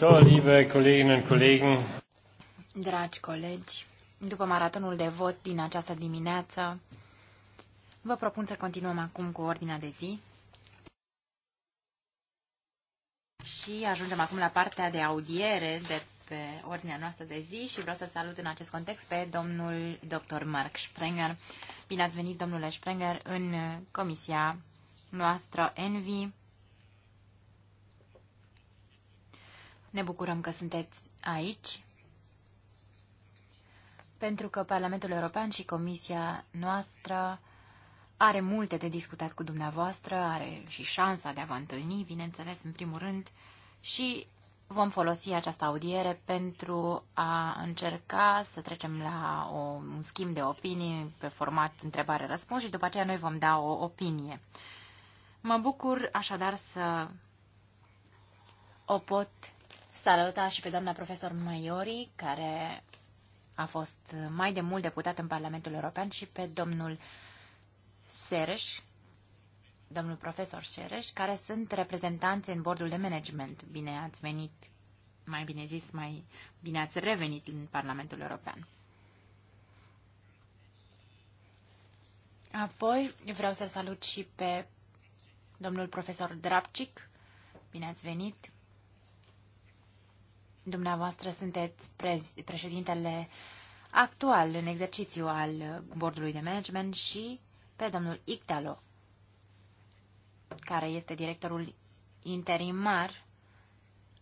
So, liebe Kolleginnen und Kollegen. Dragi colegi, după maratonul de vot din această dimineață, vă propun să continuăm acum cu ordinea de zi. Și ajungem acum la partea de audiere de pe ordinea noastră de zi și vreau să salut în acest context pe domnul dr. Mark Sprenger. Bine ați venit, domnule Sprenger, în comisia noastră Envi Ne bucurăm că sunteți aici, pentru că Parlamentul European și Comisia noastră are multe de discutat cu dumneavoastră, are și șansa de a vă întâlni, bineînțeles, în primul rând, și vom folosi această audiere pentru a încerca să trecem la o, un schimb de opinii pe format întrebare-răspuns și după aceea noi vom da o opinie. Mă bucur așadar să o pot saluta și pe doamna profesor Maiori, care a fost mai de mult deputat în Parlamentul European, și pe domnul Sereș, domnul profesor Sereș, care sunt reprezentanți în bordul de management. Bine ați venit, mai bine zis, mai bine ați revenit în Parlamentul European. Apoi vreau să salut și pe domnul profesor Drapcic. Bine ați venit! Dumneavoastră sunteți președintele actual în exercițiu al bordului de management și pe domnul Ictalo, care este directorul interimar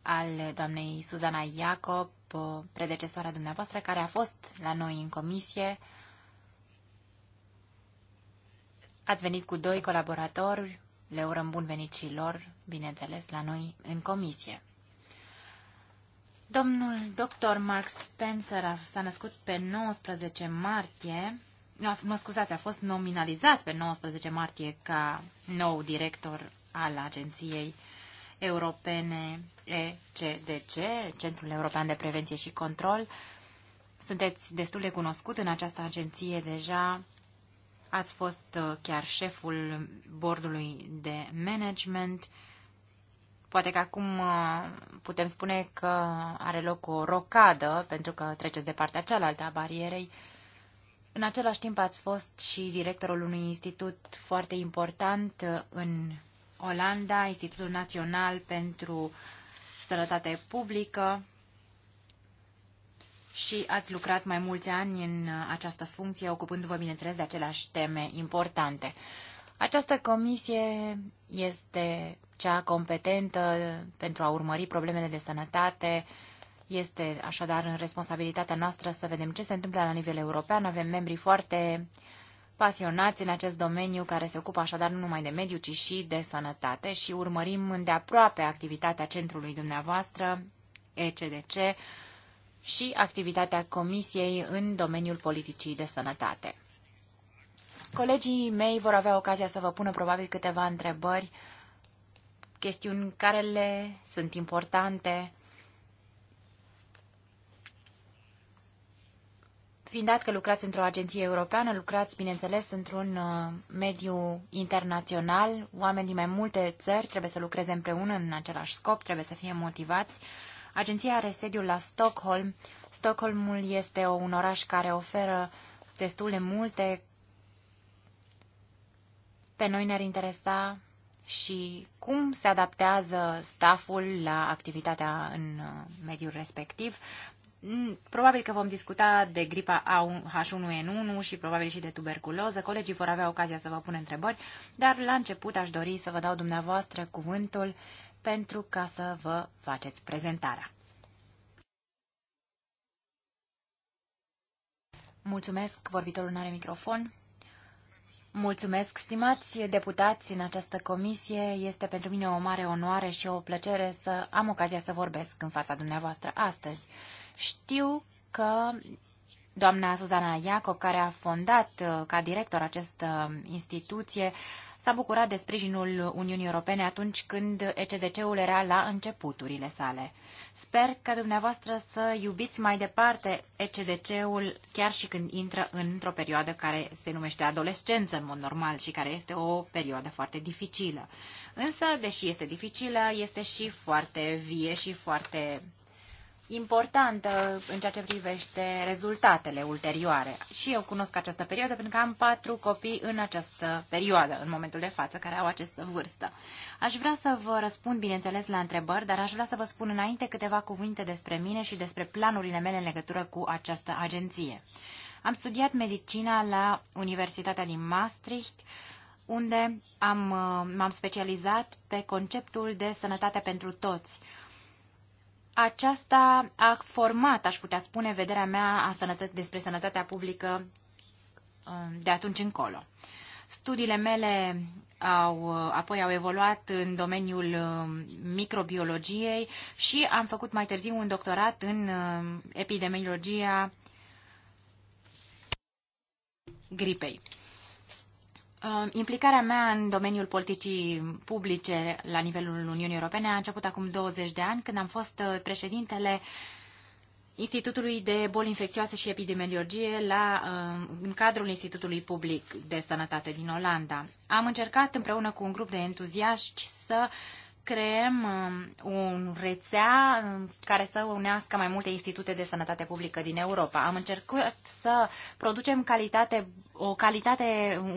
al doamnei Suzana Iacob, predecesoarea dumneavoastră, care a fost la noi în comisie. Ați venit cu doi colaboratori, le urăm bun venit și lor, bineînțeles, la noi în comisie. Domnul dr. Mark Spencer s-a născut pe 19 martie, mă scuzați, a fost nominalizat pe 19 martie ca nou director al Agenției Europene ECDC, Centrul European de Prevenție și Control. Sunteți destul de cunoscut în această agenție deja. Ați fost uh, chiar șeful bordului de management Poate că acum uh, putem spune că are loc o rocadă, pentru că treceți de partea cealaltă a barierei. În același timp ați fost și directorul unui institut foarte important în Olanda, Institutul Național pentru Sănătate Publică și ați lucrat mai mulți ani în această funcție, ocupându-vă, bineînțeles, de aceleași teme importante. Această comisie este cea competentă pentru a urmări problemele de sănătate. Este așadar în responsabilitatea noastră să vedem ce se întâmplă la nivel european. Avem membri foarte pasionați în acest domeniu care se ocupă așadar nu numai de mediu, ci și de sănătate și urmărim îndeaproape activitatea centrului dumneavoastră, ECDC, și activitatea Comisiei în domeniul politicii de sănătate. Colegii mei vor avea ocazia să vă pună probabil câteva întrebări chestiuni care le sunt importante. Fiind dat că lucrați într-o agenție europeană, lucrați, bineînțeles, într-un uh, mediu internațional, oameni din mai multe țări trebuie să lucreze împreună în același scop, trebuie să fie motivați. Agenția are sediul la Stockholm. Stockholmul este un oraș care oferă destul de multe. Pe noi ne-ar interesa și cum se adaptează staful la activitatea în uh, mediul respectiv. Mm, probabil că vom discuta de gripa H1N1 și probabil și de tuberculoză. Colegii vor avea ocazia să vă pună întrebări, dar la început aș dori să vă dau dumneavoastră cuvântul pentru ca să vă faceți prezentarea. Mulțumesc, vorbitorul nu are microfon. Mulțumesc, stimați deputați, în această comisie. Este pentru mine o mare onoare și o plăcere să am ocazia să vorbesc în fața dumneavoastră astăzi. Știu că doamna Suzana Iacob, care a fondat uh, ca director această instituție, s-a bucurat de sprijinul Uniunii Europene atunci când ECDC-ul era la începuturile sale. Sper că dumneavoastră să iubiți mai departe ECDC-ul chiar și când intră într-o perioadă care se numește adolescență în mod normal și care este o perioadă foarte dificilă. Însă, deși este dificilă, este și foarte vie și foarte importantă în ceea ce privește rezultatele ulterioare. Și eu cunosc această perioadă pentru că am patru copii în această perioadă, în momentul de față, care au această vârstă. Aș vrea să vă răspund, bineînțeles, la întrebări, dar aș vrea să vă spun înainte câteva cuvinte despre mine și despre planurile mele în legătură cu această agenție. Am studiat medicina la Universitatea din Maastricht, unde am, m-am specializat pe conceptul de sănătate pentru toți aceasta a format, aș putea spune, vederea mea a sănătă- despre sănătatea publică um, de atunci încolo. Studiile mele au, apoi au evoluat în domeniul um, microbiologiei și am făcut mai târziu un doctorat în um, epidemiologia gripei. Um, implicarea mea în domeniul politicii publice la nivelul Uniunii Europene a început acum 20 de ani, când am fost uh, președintele Institutului de Boli Infecțioase și Epidemiologie la, uh, în cadrul Institutului Public de Sănătate din Olanda. Am încercat împreună cu un grup de entuziaști să uh, creăm um, un rețea um, care să unească mai multe institute de sănătate publică din Europa. Am încercat să producem calitate, o calitate,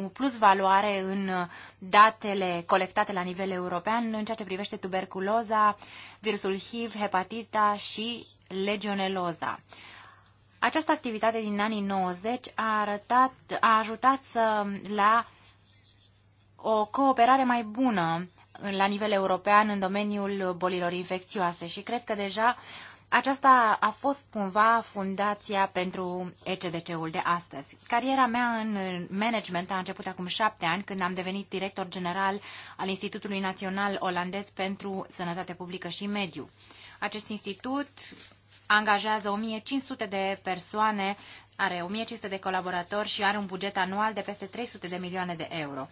o plus valoare în uh, datele colectate la nivel european în ceea ce privește tuberculoza, virusul HIV, hepatita și legioneloza. Această activitate din anii 90 a, arătat, a ajutat să, la o cooperare mai bună la nivel european în domeniul bolilor infecțioase și cred că deja aceasta a fost cumva fundația pentru ECDC-ul de astăzi. Cariera mea în management a început acum șapte ani, când am devenit director general al Institutului Național Olandez pentru Sănătate Publică și Mediu. Acest institut angajează 1500 de persoane, are 1500 de colaboratori și are un buget anual de peste 300 de milioane de euro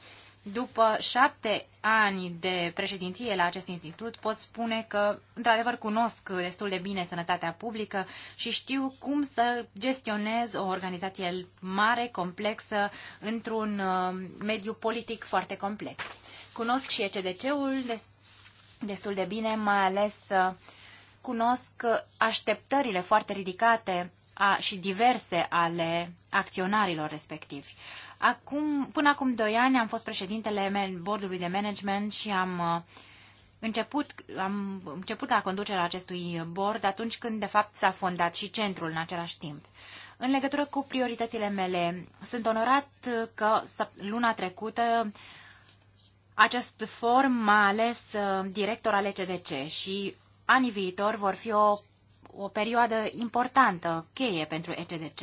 după șapte ani de președinție la acest institut, pot spune că, într-adevăr, cunosc destul de bine sănătatea publică și știu cum să gestionez o organizație mare, complexă, într-un uh, mediu politic foarte complex. Cunosc și ECDC-ul destul de bine, mai ales uh, cunosc așteptările foarte ridicate a, și diverse ale acționarilor respectivi. Acum, până acum doi ani am fost președintele bordului de management și am uh, început, am început la conducerea acestui bord atunci când, de fapt, s-a fondat și centrul în același timp. În legătură cu prioritățile mele, sunt onorat că luna trecută acest form m-a ales uh, director al ECDC și anii viitor vor fi o, o perioadă importantă, cheie pentru ECDC.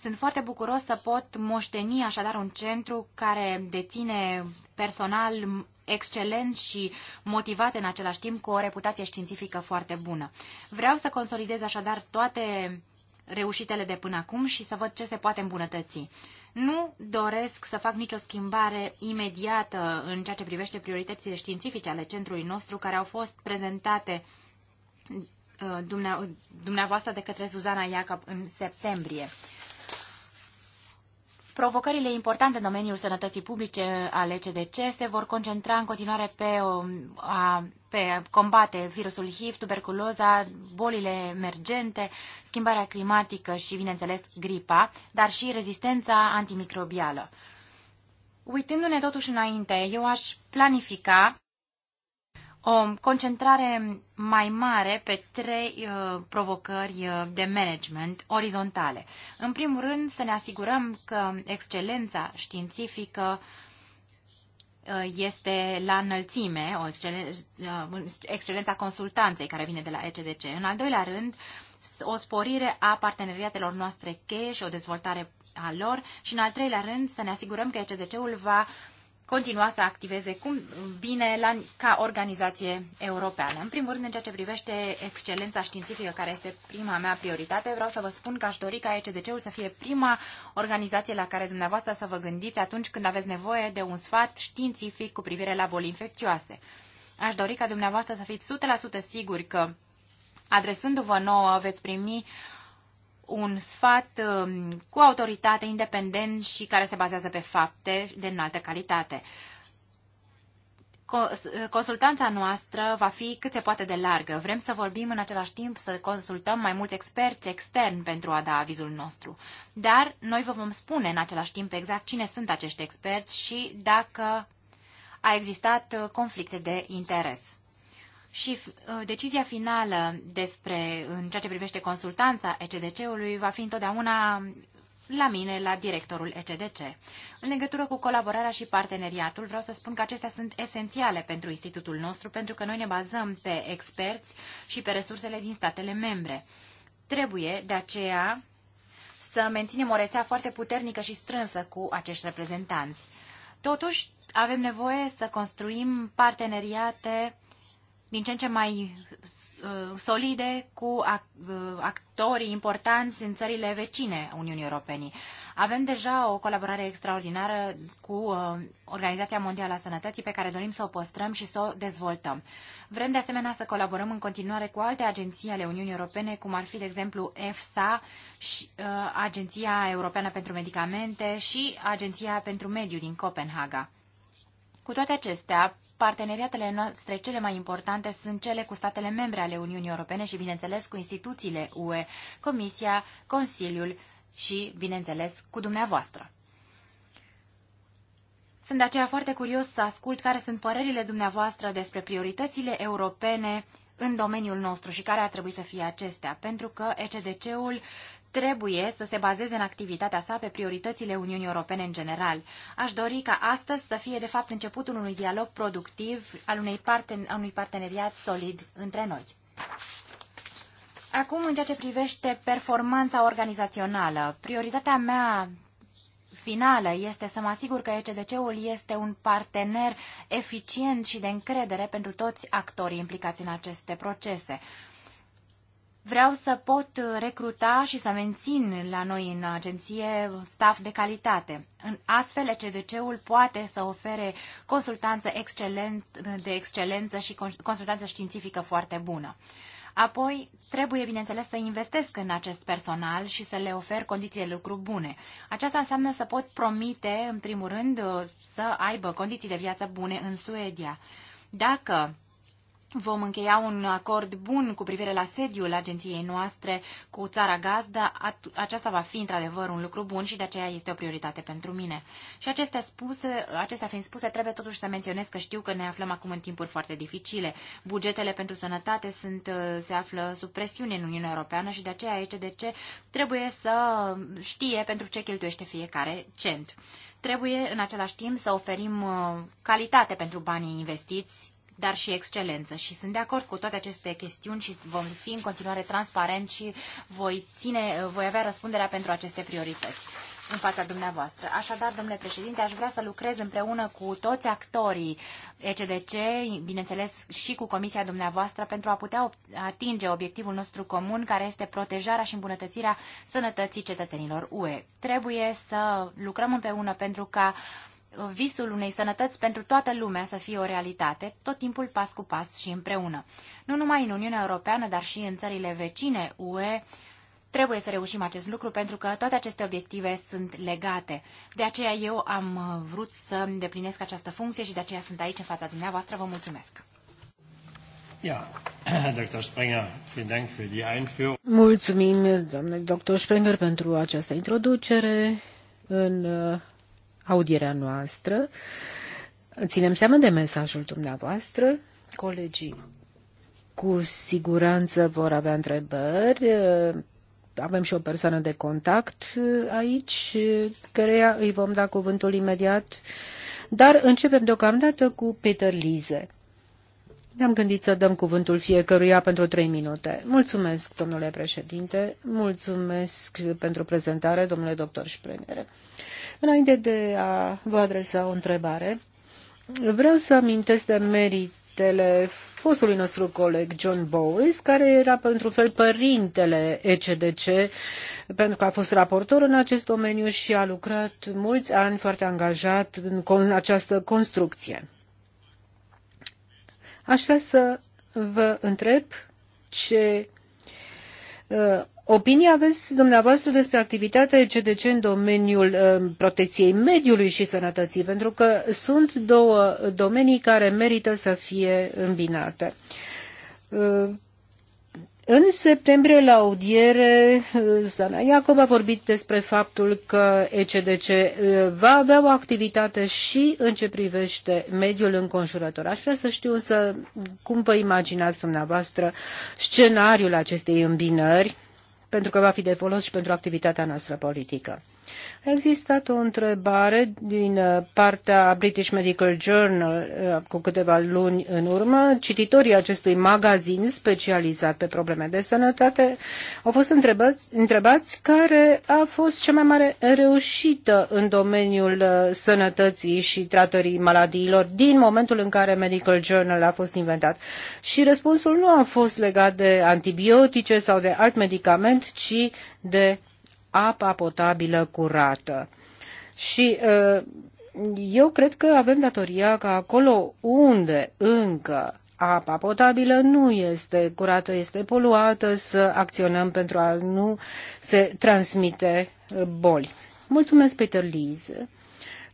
Sunt foarte bucuros să pot moșteni așadar un centru care deține personal excelent și motivat în același timp cu o reputație științifică foarte bună. Vreau să consolidez așadar toate reușitele de până acum și să văd ce se poate îmbunătăți. Nu doresc să fac nicio schimbare imediată în ceea ce privește prioritățile științifice ale centrului nostru care au fost prezentate uh, dumneavoastră de către Suzana Iacob în septembrie. Provocările importante în domeniul sănătății publice ale CDC se vor concentra în continuare pe, o, um, a, pe combate virusul HIV, tuberculoza, bolile emergente, schimbarea climatică și, bineînțeles, gripa, dar și rezistența antimicrobială. Uitându-ne totuși înainte, eu aș planifica o concentrare mai mare pe trei uh, provocări uh, de management orizontale. În primul rând, să ne asigurăm că excelența științifică uh, este la înălțime, o excelen- uh, excelența consultanței care vine de la ECDC. În al doilea rând, o sporire a parteneriatelor noastre cheie și o dezvoltare a lor și, în al treilea rând, să ne asigurăm că ECDC-ul va uh, continua să activeze cum bine la, ca organizație europeană. În primul rând, în ceea ce privește excelența științifică, care este prima mea prioritate, vreau să vă spun că aș dori ca ECDC-ul să fie prima organizație la care dumneavoastră să vă gândiți atunci când aveți nevoie de un sfat științific cu privire la boli infecțioase. Aș dori ca dumneavoastră să fiți 100% siguri că, adresându-vă nouă, veți primi uh, un sfat um, cu autoritate, independent și care se bazează pe fapte de înaltă calitate. Consultanța noastră va fi cât se poate de largă. Vrem să vorbim în același timp, să consultăm mai mulți experți externi pentru a da avizul nostru. Dar noi vă vom spune în același timp exact cine sunt acești experți și dacă a existat uh, conflicte de interes și uh, decizia finală despre, în ceea ce privește consultanța ECDC-ului va fi întotdeauna la mine, la directorul ECDC. În legătură cu colaborarea și parteneriatul, vreau să spun că acestea sunt esențiale pentru institutul nostru, pentru că noi ne bazăm pe experți și pe resursele din statele membre. Trebuie, de aceea, să menținem o rețea foarte puternică și strânsă cu acești reprezentanți. Totuși, avem nevoie să construim parteneriate din ce în ce mai uh, solide cu uh, actorii importanți în țările vecine Uniunii Europene. Avem deja o colaborare extraordinară cu uh, Organizația Mondială a Sănătății pe care dorim să o păstrăm și să o dezvoltăm. Vrem de asemenea să colaborăm în continuare cu alte agenții ale Uniunii Europene, cum ar fi, de exemplu, EFSA, și, Agenția Europeană pentru Medicamente și Agenția pentru Mediu din Copenhaga. Cu toate acestea, Parteneriatele noastre cele mai importante sunt cele cu statele membre ale Uniunii Europene și, bineînțeles, cu instituțiile UE, Comisia, Consiliul și, bineînțeles, cu dumneavoastră. Sunt de aceea foarte curios să ascult care sunt părerile dumneavoastră despre prioritățile europene în domeniul nostru și care ar trebui să fie acestea, pentru că ECDC-ul trebuie să se bazeze în activitatea sa pe prioritățile Uniunii Europene în general. Aș dori ca astăzi să fie, de fapt, începutul unui dialog productiv al unei parten- unui parteneriat solid între noi. Acum, în ceea ce privește performanța organizațională, prioritatea mea finală este să mă asigur că ECDC-ul este un partener eficient și de încredere pentru toți actorii implicați în aceste procese. Vreau să pot recruta și să mențin la noi în agenție staff de calitate. În astfel, cdc ul poate să ofere consultanță excelent, de excelență și consultanță științifică foarte bună. Apoi, trebuie, bineînțeles, să investesc în acest personal și să le ofer condiții de lucru bune. Aceasta înseamnă să pot promite, în primul rând, să aibă condiții de viață bune în Suedia. Dacă Vom încheia un acord bun cu privire la sediul agenției noastre cu țara gazdă. Aceasta va fi într-adevăr un lucru bun și de aceea este o prioritate pentru mine. Și acestea, spuse, acestea fiind spuse, trebuie totuși să menționez că știu că ne aflăm acum în timpuri foarte dificile. Bugetele pentru sănătate sunt, uh, se află sub presiune în Uniunea Europeană și de aceea aici de ce trebuie să știe pentru ce cheltuiește fiecare cent. Trebuie în același timp să oferim uh, calitate pentru banii investiți dar și excelență. Și sunt de acord cu toate aceste chestiuni și vom fi în continuare transparent și voi, ține, voi avea răspunderea pentru aceste priorități în fața dumneavoastră. Așadar, domnule președinte, aș vrea să lucrez împreună cu toți actorii ECDC, bineînțeles și cu comisia dumneavoastră, pentru a putea atinge obiectivul nostru comun, care este protejarea și îmbunătățirea sănătății cetățenilor UE. Trebuie să lucrăm împreună pentru ca visul unei sănătăți pentru toată lumea să fie o realitate, tot timpul pas cu pas și împreună. Nu numai în Uniunea Europeană, dar și în țările vecine UE, Trebuie să reușim acest lucru pentru că toate aceste obiective sunt legate. De aceea eu am vrut să îndeplinesc această funcție și de aceea sunt aici în fața dumneavoastră. Vă mulțumesc! Mulțumim, doamne doctor Sprenger, pentru această introducere în audierea noastră. Ținem seama de mesajul dumneavoastră. Colegii cu siguranță vor avea întrebări. Avem și o persoană de contact aici, căreia îi vom da cuvântul imediat. Dar începem deocamdată cu Peter Lize. Ne-am gândit să dăm cuvântul fiecăruia pentru trei minute. Mulțumesc, domnule președinte, mulțumesc pentru prezentare, domnule doctor Șprengere. Înainte de a vă adresa o întrebare, vreau să amintesc de meritele fostului nostru coleg John Bowes, care era pentru fel părintele ECDC, pentru că a fost raportor în acest domeniu și a lucrat mulți ani foarte angajat în această construcție. Aș vrea să vă întreb ce uh, opinie aveți dumneavoastră despre activitatea ECDC în domeniul uh, protecției mediului și sănătății, pentru că sunt două domenii care merită să fie îmbinate. Uh, în septembrie, la audiere, Zana Iacob a vorbit despre faptul că ECDC eh, va avea o activitate și în ce privește mediul înconjurător. Aș vrea să știu însă cum vă imaginați dumneavoastră scenariul acestei îmbinări, pentru că va fi de folos și pentru activitatea noastră politică. A existat o întrebare din uh, partea British Medical Journal uh, cu câteva luni în urmă. Cititorii acestui magazin specializat pe probleme de sănătate au fost întrebați, întrebați care a fost cea mai mare reușită în domeniul uh, sănătății și tratării maladiilor din momentul în care Medical Journal a fost inventat. Și răspunsul nu a fost legat de antibiotice sau de alt medicament, ci de apa potabilă curată. Și uh, eu cred că avem datoria ca acolo unde încă apa potabilă nu este curată, este poluată, să acționăm pentru a nu se transmite uh, boli. Mulțumesc, Peter Lise.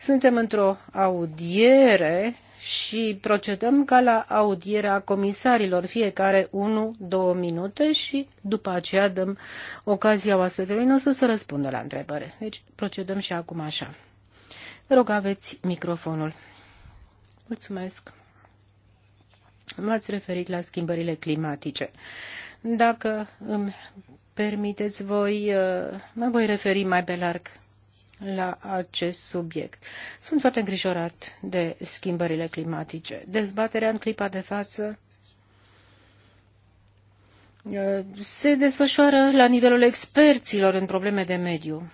Suntem într-o audiere și procedăm ca la audierea comisarilor, fiecare 1-2 minute și după aceea dăm ocazia oaspetelui nostru să răspundă la întrebări. Deci procedăm și acum așa. Vă rog, aveți microfonul. Mulțumesc. M-ați referit la schimbările climatice. Dacă îmi permiteți, voi, uh, mă voi referi mai pe larg la acest subiect. Sunt foarte îngrijorat de schimbările climatice. Dezbaterea în clipa de față uh, se desfășoară la nivelul experților în probleme de mediu.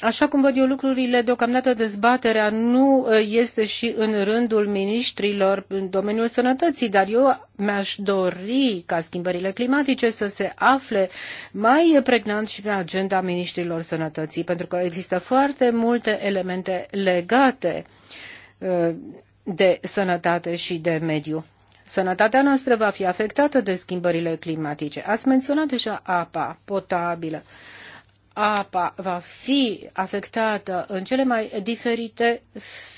Așa cum văd eu lucrurile, deocamdată dezbaterea nu este și în rândul miniștrilor în domeniul sănătății, dar eu mi-aș dori ca schimbările climatice să se afle mai pregnant și pe agenda miniștrilor sănătății, pentru că există foarte multe elemente legate de sănătate și de mediu. Sănătatea noastră va fi afectată de schimbările climatice. Ați menționat deja apa potabilă. Uh, apa va fi afectată în cele mai diferite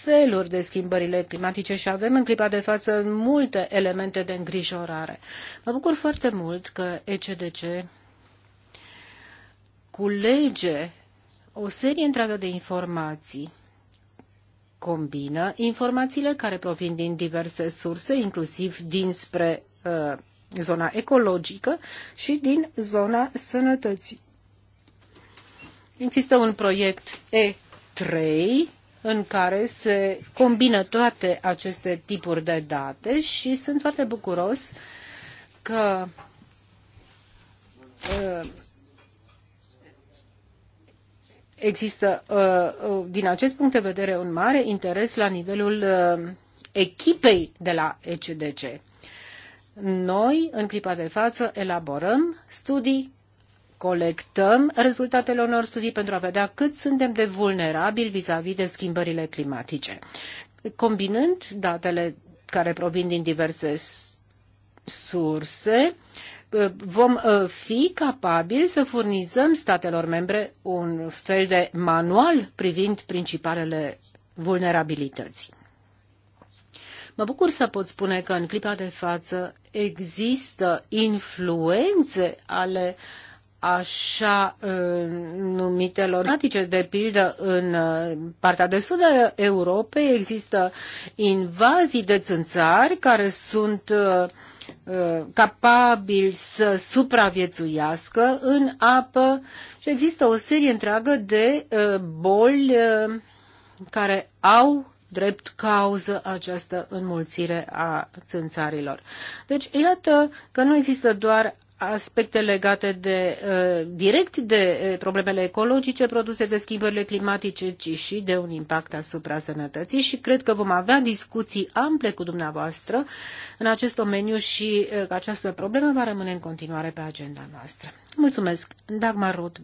feluri de schimbările climatice și avem în clipa de față multe elemente de îngrijorare. Mă bucur foarte mult că ECDC culege o serie întreagă de informații combină informațiile care provin din diverse surse, inclusiv dinspre uh, zona ecologică și din zona sănătății. Există un proiect E3 în care se combină toate aceste tipuri de date și sunt foarte bucuros că uh, există uh, uh, din acest punct de vedere un mare interes la nivelul echipei de la ECDC. Noi, în clipa de față, elaborăm studii colectăm rezultatele unor studii pentru a vedea cât suntem de vulnerabili vis-a-vis de schimbările climatice. Combinând datele care provin din diverse surse, vom uh, fi capabili să furnizăm statelor membre un fel de manual privind principalele vulnerabilități. Mă bucur să pot spune că în clipa de față există influențe ale uh, așa uh, numitelor climatice. De pildă, în uh, partea de sud a Europei există invazii de țânțari care sunt uh, capabili să supraviețuiască în apă și există o serie întreagă de boli care au drept cauză această înmulțire a țânțarilor. Deci, iată că nu există doar aspecte legate de, uh, direct de uh, problemele ecologice produse de schimbările climatice, ci și de un impact asupra sănătății și cred că vom avea discuții ample cu dumneavoastră în acest domeniu și uh, această problemă va rămâne în continuare pe agenda noastră. Mulțumesc, Dagmar roth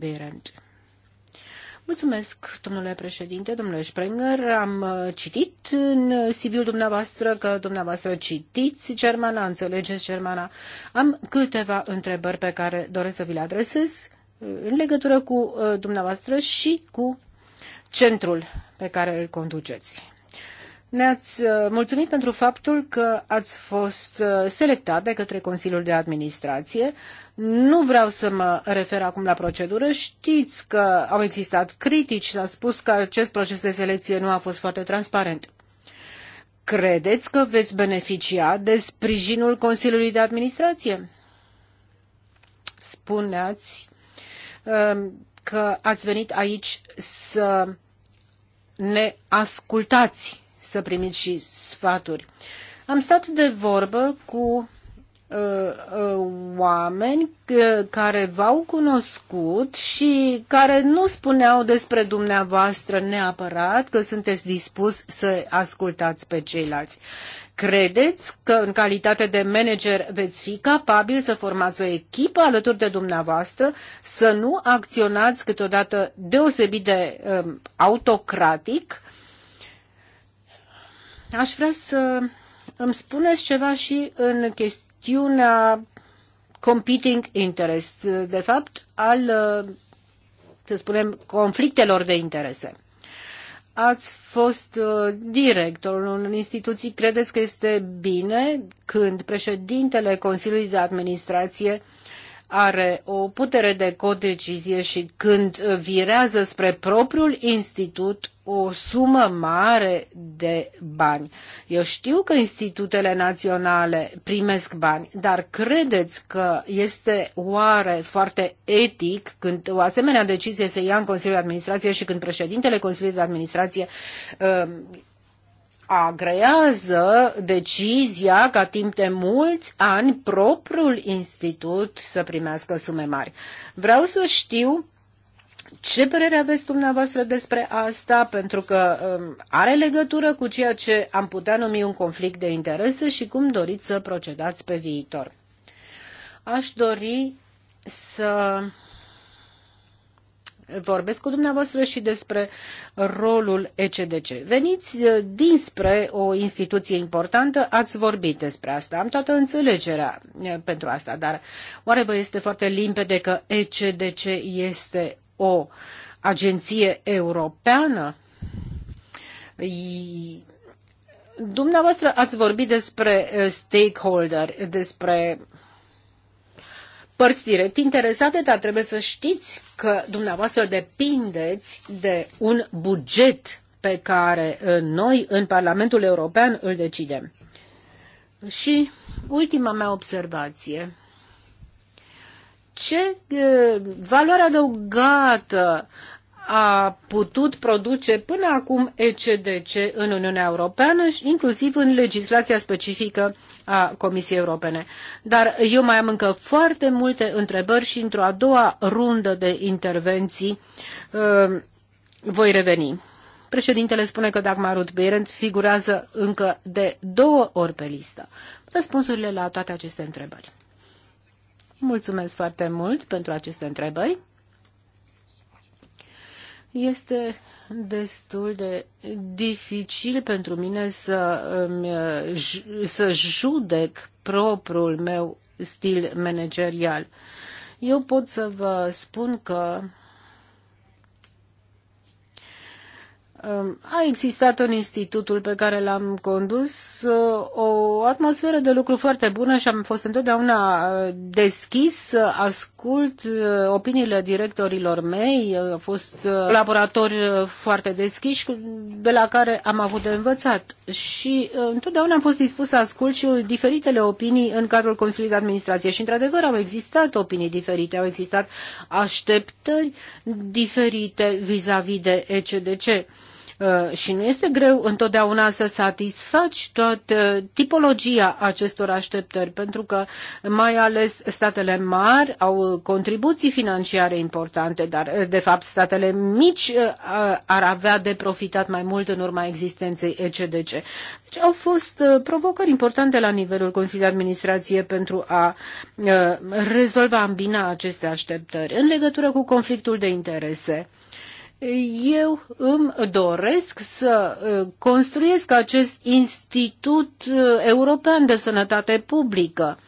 Mulțumesc, domnule președinte, domnule Sprenger. Am uh, citit în uh, cv dumneavoastră că dumneavoastră citiți germana, înțelegeți germana. Am câteva întrebări pe care doresc să vi le adresez uh, în legătură cu dumneavoastră și cu centrul pe care îl conduceți. Ne-ați uh, mulțumit pentru faptul că ați fost uh, selectat de către Consiliul de Administrație. Nu vreau să mă refer acum la procedură. Știți că au existat critici, s-a spus că acest proces de selecție nu a fost foarte transparent. Credeți că veți beneficia de sprijinul Consiliului de Administrație? Spuneați um, că ați venit aici să ne ascultați să primiți și sfaturi. Am stat de vorbă cu uh, uh, oameni uh, care v-au cunoscut și care nu spuneau despre dumneavoastră neapărat că sunteți dispus să ascultați pe ceilalți. Credeți că în calitate de manager veți fi capabil să formați o echipă alături de dumneavoastră, să nu acționați câteodată deosebit de um, autocratic Aș vrea să îmi spuneți ceva și în chestiunea competing interest, de fapt al, să spunem, conflictelor de interese. Ați fost uh, directorul unor instituții, credeți că este bine când președintele Consiliului de Administrație uh, are o putere de codecizie și când virează spre propriul institut o sumă mare de bani. Eu știu că institutele naționale primesc bani, dar credeți că este oare foarte etic când o asemenea decizie se ia în Consiliul de Administrație și când președintele Consiliului de Administrație uh, agrează decizia ca timp de mulți ani propriul institut să primească sume mari. Vreau să știu ce părere aveți dumneavoastră despre asta, pentru că um, are legătură cu ceea ce am putea numi un conflict de interese și cum doriți să procedați pe viitor. Aș dori să vorbesc cu dumneavoastră și despre rolul ECDC. Veniți uh, dinspre o instituție importantă, ați vorbit despre asta, am toată înțelegerea uh, pentru asta, dar oare vă este foarte limpede că ECDC este o agenție europeană? Dumneavoastră ați vorbit despre uh, stakeholder, despre părți direct interesate, dar trebuie să știți că dumneavoastră depindeți de un buget pe care uh, noi în Parlamentul European îl decidem. Și ultima mea observație. Ce uh, valoare adăugată a putut produce până acum ECDC în Uniunea Europeană, inclusiv în legislația specifică a Comisiei Europene. Dar eu mai am încă foarte multe întrebări și într-o a doua rundă de intervenții uh, voi reveni. Președintele spune că Dagmarut Berend figurează încă de două ori pe listă. Răspunsurile la toate aceste întrebări. Mulțumesc foarte mult pentru aceste întrebări. Este destul de dificil pentru mine să, să judec propriul meu stil managerial. Eu pot să vă spun că A existat în institutul pe care l-am condus uh, o atmosferă de lucru foarte bună și am fost întotdeauna uh, deschis să ascult uh, opiniile directorilor mei. Au fost colaboratori foarte deschiși de la care am avut de învățat și întotdeauna am fost dispus să ascult și diferitele opinii în cadrul Consiliului de Administrație și într-adevăr au existat opinii diferite, au existat așteptări diferite vis-a-vis -vis de ECDC Uh, și nu este greu întotdeauna să satisfaci toată uh, tipologia acestor așteptări, pentru că mai ales statele mari au contribuții financiare importante, dar uh, de fapt statele mici ar avea de profitat mai mult în urma existenței ECDC. Deci au fost provocări importante la nivelul Consiliului de Administrație pentru a rezolva, bine aceste așteptări. În legătură cu conflictul de interese, eu îmi doresc să uh, construiesc acest Institut uh, European de Sănătate Publică.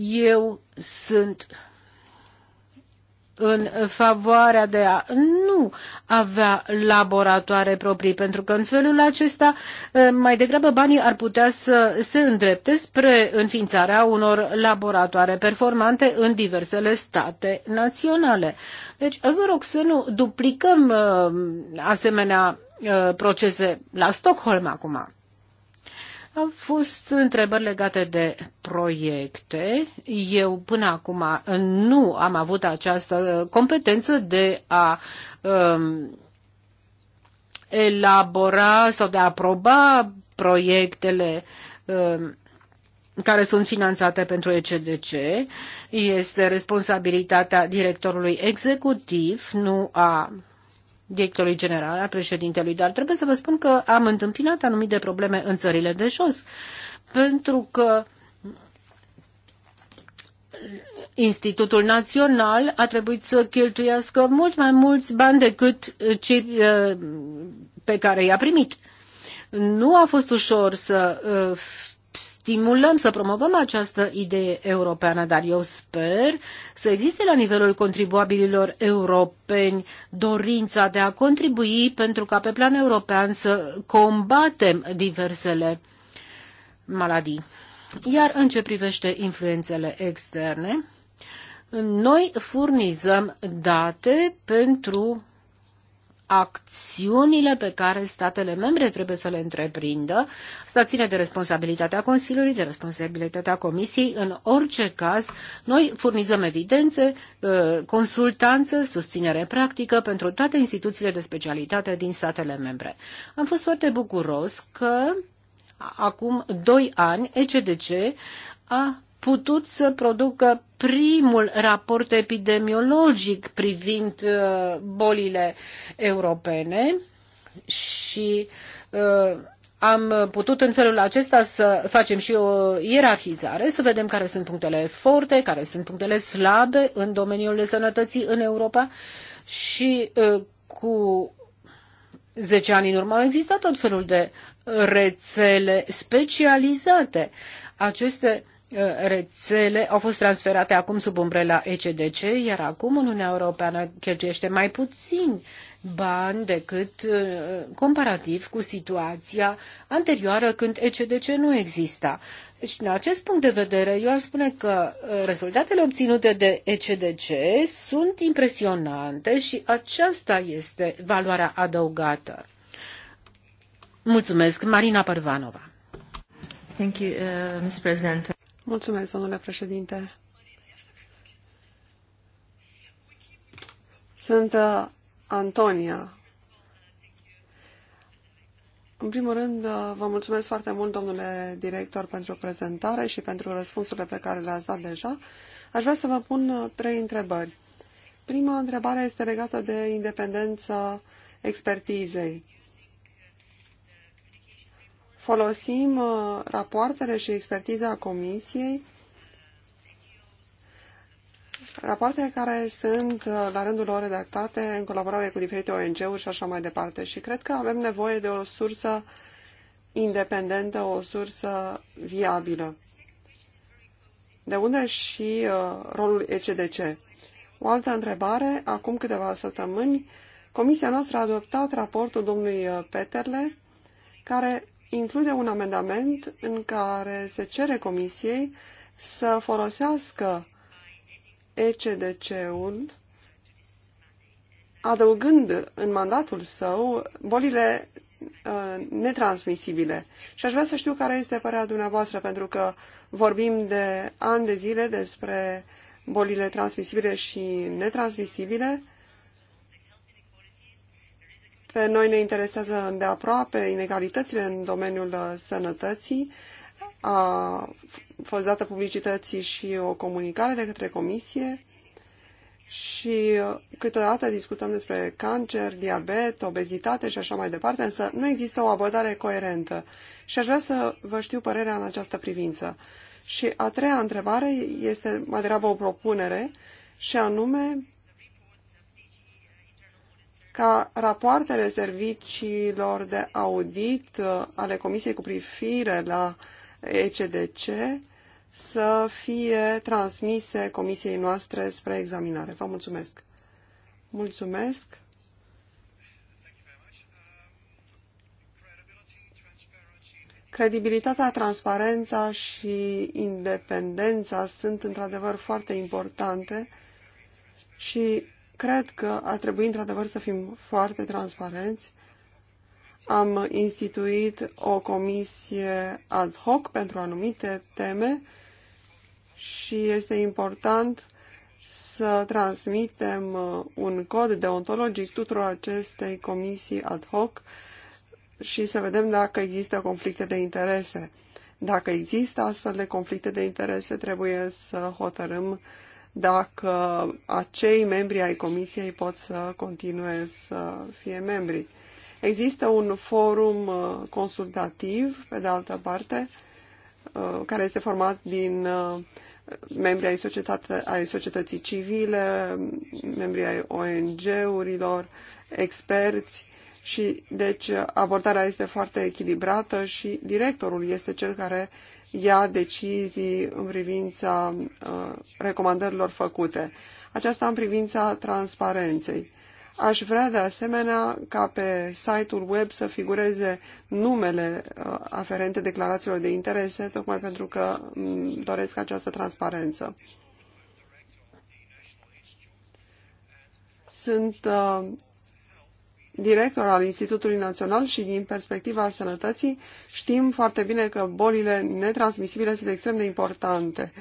Eu sunt în favoarea de a nu avea laboratoare proprii, pentru că în felul acesta eh, mai degrabă banii ar putea să se îndrepte spre înființarea unor laboratoare performante în diversele state naționale. Deci vă rog să nu duplicăm eh, asemenea eh, procese la Stockholm acum. Au fost întrebări legate de proiecte. Eu până acum nu am avut această competență de a um, elabora sau de a aproba proiectele um, care sunt finanțate pentru ECDC. Este responsabilitatea directorului executiv, nu a directorului general, al președintelui, dar trebuie să vă spun că am întâmpinat anumite probleme în țările de jos, pentru că Institutul Național a trebuit să cheltuiască mult mai mulți bani decât cei eh, pe care i-a primit. Nu a fost ușor să eh, stimulăm, să promovăm această idee europeană, dar eu sper să existe la nivelul contribuabililor europeni dorința de a contribui pentru ca pe plan european să combatem diversele maladii. Iar în ce privește influențele externe, noi furnizăm date pentru acțiunile pe care statele membre trebuie să le întreprindă. Asta ține de responsabilitatea Consiliului, de responsabilitatea Comisiei. În orice caz, noi furnizăm evidențe, uh, consultanță, susținere practică pentru toate instituțiile de specialitate din statele membre. Am fost foarte bucuros că acum doi ani ECDC a putut să producă primul raport epidemiologic privind uh, bolile europene și uh, am putut în felul acesta să facem și o ierarhizare, să vedem care sunt punctele forte, care sunt punctele slabe în domeniul sănătății în Europa și uh, cu 10 ani în urmă au existat tot felul de rețele specializate. Aceste Uh, rețele au fost transferate acum sub umbrela ECDC, iar acum Uniunea Europeană cheltuiește mai puțin bani decât uh, comparativ cu situația anterioară când ECDC nu exista. Și deci, din acest punct de vedere, eu aș spune că uh, rezultatele obținute de ECDC sunt impresionante și aceasta este valoarea adăugată. Mulțumesc, Marina Parvanova. Thank you, uh, Mr. President. Mulțumesc, domnule președinte. Sunt uh, Antonia. În primul rând, uh, vă mulțumesc foarte mult, domnule director, pentru prezentare și pentru răspunsurile pe care le-ați dat deja. Aș vrea să vă pun uh, trei întrebări. Prima întrebare este legată de independența expertizei folosim uh, rapoartele și expertiza comisiei, rapoarte care sunt uh, la rândul lor redactate în colaborare cu diferite ONG-uri și așa mai departe. Și cred că avem nevoie de o sursă independentă, o sursă viabilă. De unde și uh, rolul ECDC? O altă întrebare, acum câteva săptămâni, Comisia noastră a adoptat raportul domnului Peterle, care include un amendament în care se cere Comisiei să folosească ECDC-ul adăugând în mandatul său bolile uh, netransmisibile. Și aș vrea să știu care este părerea dumneavoastră, pentru că vorbim de ani de zile despre bolile transmisibile și netransmisibile pe noi ne interesează de aproape inegalitățile în domeniul uh, sănătății. A fost dată publicității și o comunicare de către comisie și uh, câteodată discutăm despre cancer, diabet, obezitate și așa mai departe, însă nu există o abordare coerentă. Și aș vrea să vă știu părerea în această privință. Și a treia întrebare este mai degrabă o propunere și anume ca rapoartele serviciilor de audit uh, ale Comisiei cu privire la ECDC să fie transmise Comisiei noastre spre examinare. Vă mulțumesc! Mulțumesc! Credibilitatea, transparența și independența sunt într-adevăr foarte importante și Cred că ar trebui, într-adevăr, să fim foarte transparenți. Am instituit o comisie ad hoc pentru anumite teme și este important să transmitem uh, un cod deontologic tuturor acestei comisii ad hoc și să vedem dacă există conflicte de interese. Dacă există astfel de conflicte de interese, trebuie să hotărâm dacă acei membri ai comisiei pot să continue să fie membri. Există un forum uh, consultativ, pe de altă parte, uh, care este format din uh, membri ai, societate, ai societății civile, membri ai ONG-urilor, experți și deci abordarea este foarte echilibrată și directorul este cel care ia decizii în privința uh, recomandărilor făcute. Aceasta în privința transparenței. Aș vrea de asemenea ca pe site-ul web să figureze numele uh, aferente declarațiilor de interese, tocmai pentru că mm, doresc această transparență. Sunt uh, director al Institutului Național și din perspectiva sănătății, știm foarte bine că bolile netransmisibile sunt extrem de importante.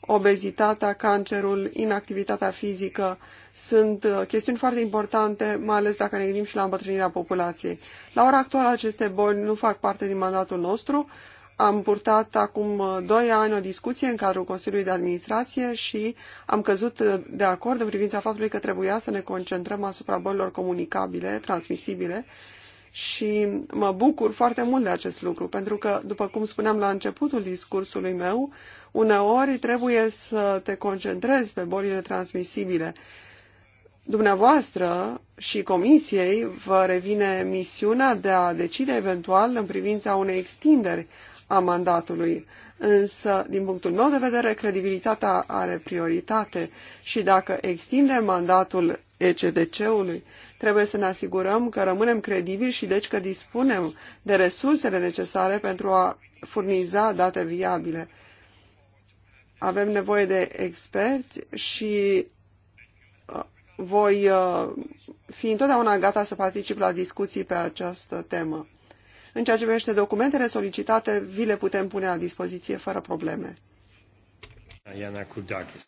Obezitatea, cancerul, inactivitatea fizică sunt uh, chestiuni foarte importante, mai ales dacă ne gândim și la îmbătrânirea populației. La ora actuală, aceste boli nu fac parte din mandatul nostru, am purtat acum uh, doi ani o discuție în cadrul Consiliului de Administrație și am căzut uh, de acord în privința faptului că trebuia să ne concentrăm asupra bolilor comunicabile, transmisibile și mă bucur foarte mult de acest lucru, pentru că, după cum spuneam la începutul discursului meu, uneori trebuie să te concentrezi pe bolile transmisibile. Dumneavoastră și comisiei vă revine misiunea de a decide eventual în privința unei extinderi a mandatului. Însă, din punctul meu de vedere, credibilitatea are prioritate și dacă extindem mandatul ECDC-ului, trebuie să ne asigurăm că rămânem credibili și deci că dispunem de resursele necesare pentru a furniza date viabile. Avem nevoie de experți și uh, voi uh, fi întotdeauna gata să particip la discuții pe această temă. În ceea ce privește documentele solicitate, vi le putem pune la dispoziție fără probleme.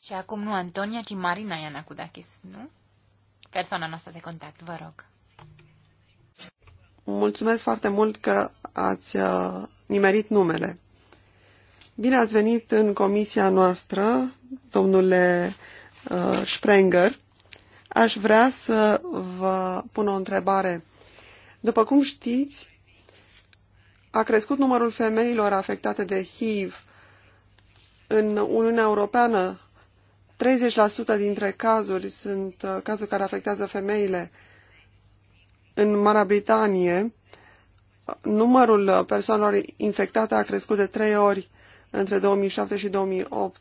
Și acum nu Antonia, ci Marina Iana Kudakis, nu? Persoana noastră de contact, vă rog. Mulțumesc foarte mult că ați uh, nimerit numele. Bine ați venit în comisia noastră, domnule uh, Sprenger. Aș vrea să vă pun o întrebare. După cum știți, a crescut numărul femeilor afectate de HIV în Uniunea Europeană. 30% dintre cazuri sunt uh, cazuri care afectează femeile. În Marea Britanie, numărul persoanelor infectate a crescut de trei ori între 2007 și 2008.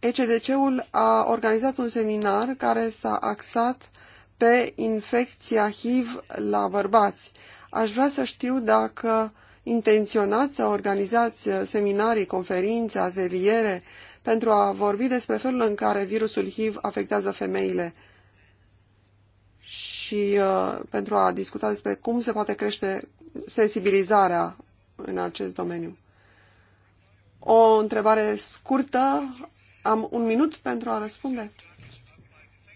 ECDC-ul a organizat un seminar care s-a axat pe infecția HIV la bărbați. Aș vrea să știu dacă intenționați să organizați seminarii, conferințe, ateliere pentru a vorbi despre felul în care virusul HIV afectează femeile și uh, pentru a discuta despre cum se poate crește sensibilizarea în acest domeniu. O întrebare scurtă. Am un minut pentru a răspunde.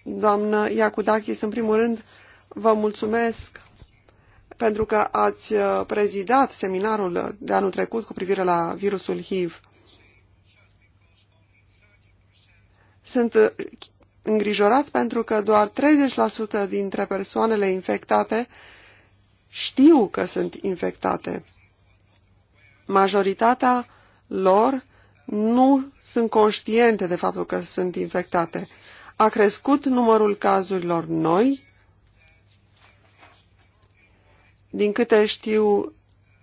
Doamnă Iacudakis, în primul rând, vă mulțumesc pentru că ați uh, prezidat seminarul de anul trecut cu privire la virusul HIV. Sunt uh, îngrijorat pentru că doar 30% dintre persoanele infectate știu că sunt infectate. Majoritatea lor nu sunt conștiente de faptul că sunt infectate a crescut numărul cazurilor noi. Din câte știu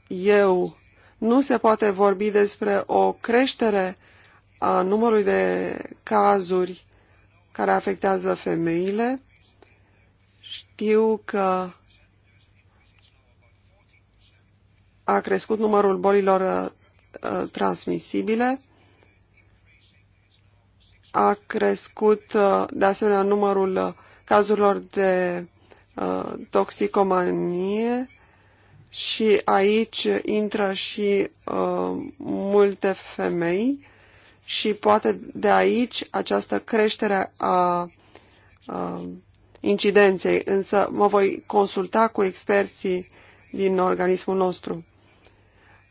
eu, nu se poate vorbi despre o creștere a numărului de cazuri care afectează femeile. Știu că a crescut numărul bolilor uh, transmisibile a crescut uh, de asemenea numărul uh, cazurilor de uh, toxicomanie și aici intră și multe femei și poate de aici această creștere a incidenței, însă mă voi consulta cu experții din organismul nostru.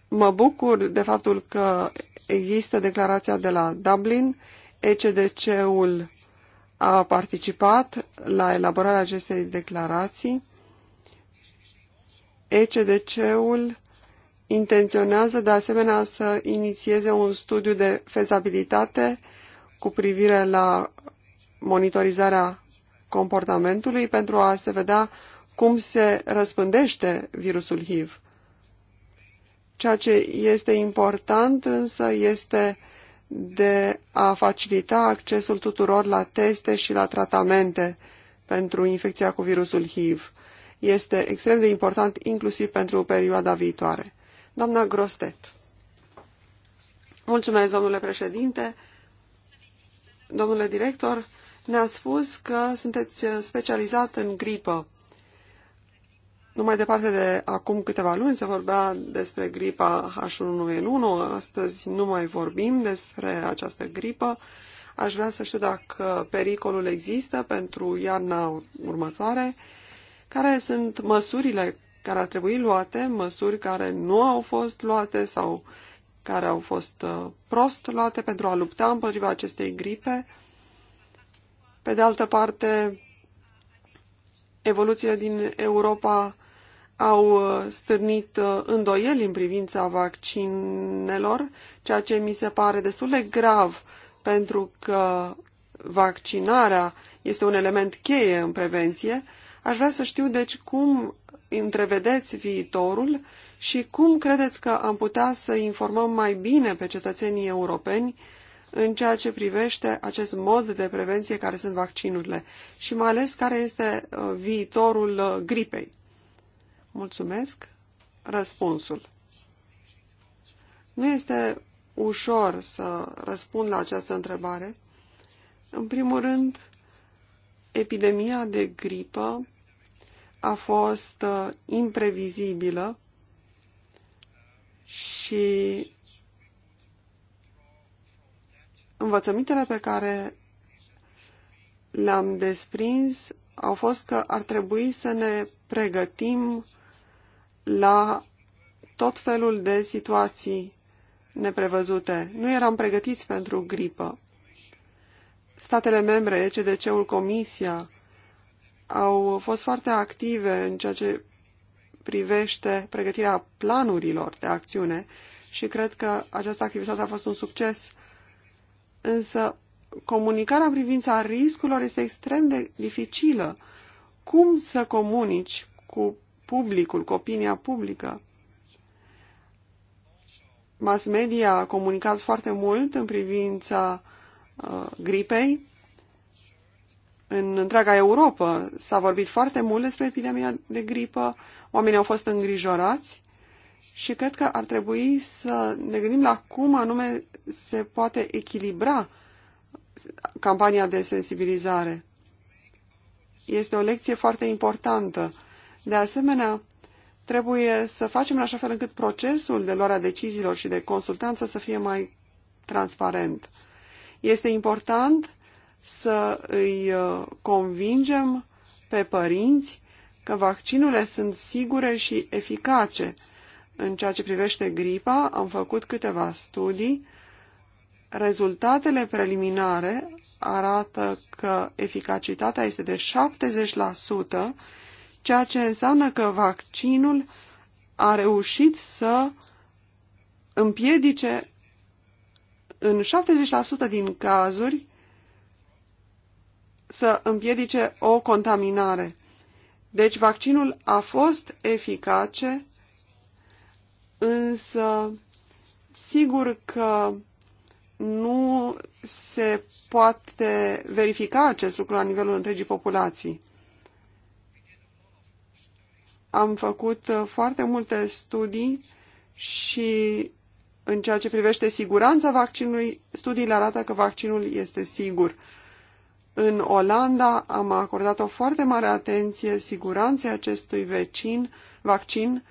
Mă bucur de faptul că există declarația de la Dublin, ECDC-ul a participat la elaborarea acestei declarații. ECDC-ul intenționează de asemenea să inițieze un studiu de fezabilitate cu privire la monitorizarea comportamentului pentru a se vedea cum se răspândește virusul HIV. Ceea ce este important însă este de a facilita accesul tuturor la teste și la tratamente pentru infecția cu virusul HIV. Este extrem de important inclusiv pentru perioada viitoare. Doamna Grostet. Mulțumesc, domnule președinte. Domnule director, ne-ați spus că sunteți specializat în gripă. Nu mai departe de acum câteva luni se vorbea despre gripa H1N1, astăzi nu mai vorbim despre această gripă. Aș vrea să știu dacă pericolul există pentru iarna următoare, care sunt măsurile care ar trebui luate, măsuri care nu au fost luate sau care au fost uh, prost luate pentru a lupta împotriva acestei gripe. Pe de altă parte, evoluțiile din Europa au uh, stârnit uh, îndoieli în privința vaccinelor, ceea ce mi se pare destul de grav, pentru că vaccinarea este un element cheie în prevenție. Aș vrea să știu, deci, cum întrevedeți viitorul și cum credeți că am putea să informăm mai bine pe cetățenii europeni în ceea ce privește acest mod de prevenție care sunt vaccinurile și mai ales care este uh, viitorul gripei. Mulțumesc. Răspunsul. Nu este ușor să răspund la această întrebare. În primul rând, epidemia de gripă a fost uh, imprevizibilă și învățămintele pe care le-am desprins au fost că ar trebui să ne pregătim la tot felul de situații neprevăzute. Nu eram pregătiți pentru gripă. Statele membre, cdc ul Comisia, au fost foarte active în ceea ce privește pregătirea planurilor de acțiune și cred că această activitate a fost un succes. Însă, comunicarea în privința riscurilor este extrem de dificilă. Cum să comunici cu publicul, cu opinia publică. Mass media a comunicat foarte mult în privința uh, gripei. În întreaga Europa s-a vorbit foarte mult despre epidemia de gripă, oamenii au fost îngrijorați și cred că ar trebui să ne gândim la cum anume se poate echilibra campania de sensibilizare. Este o lecție foarte importantă de asemenea, trebuie să facem în așa fel încât procesul de luarea deciziilor și de consultanță să fie mai transparent. Este important să îi uh, convingem pe părinți că vaccinurile sunt sigure și eficace. În ceea ce privește gripa, am făcut câteva studii. Rezultatele preliminare arată că eficacitatea este de 70% ceea ce înseamnă că vaccinul a reușit să împiedice în 70% din cazuri să împiedice o contaminare. Deci vaccinul a fost eficace, însă sigur că nu se poate verifica acest lucru la nivelul întregii populații am făcut uh, foarte multe studii și în ceea ce privește siguranța vaccinului, studiile arată că vaccinul este sigur. În Olanda am acordat o foarte mare atenție siguranței acestui vecin, vaccin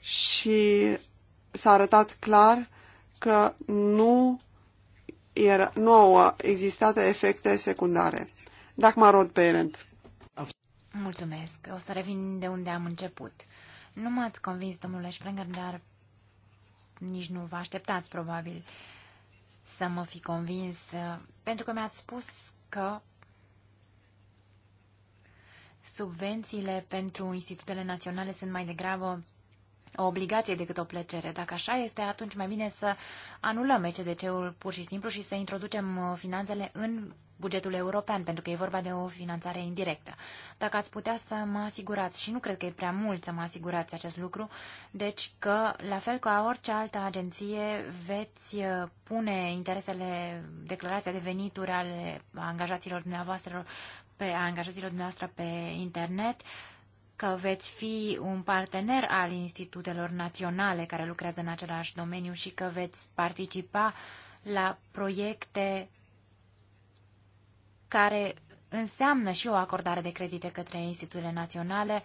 și s-a arătat clar că nu, era, nu au existat efecte secundare. mă rog, parent. Mulțumesc. O să revin de unde am început. Nu m-ați convins, domnule Sprenger, dar nici nu vă așteptați, probabil, să mă fi convins, pentru că mi-ați spus că subvențiile pentru institutele naționale sunt mai degrabă o obligație decât o plăcere. Dacă așa este, atunci mai bine să anulăm ECDC-ul pur și simplu și să introducem uh, finanțele în bugetul european, pentru că e vorba de o finanțare indirectă. Dacă ați putea să mă asigurați, și nu cred că e prea mult să mă asigurați acest lucru, deci că, la fel ca orice altă agenție, veți uh, pune interesele, declarația de venituri ale angajaților dumneavoastră pe a angajaților dumneavoastră pe internet că veți fi un partener al institutelor naționale care lucrează în același domeniu și că veți participa la proiecte care înseamnă și o acordare de credite către instituțiile naționale uh,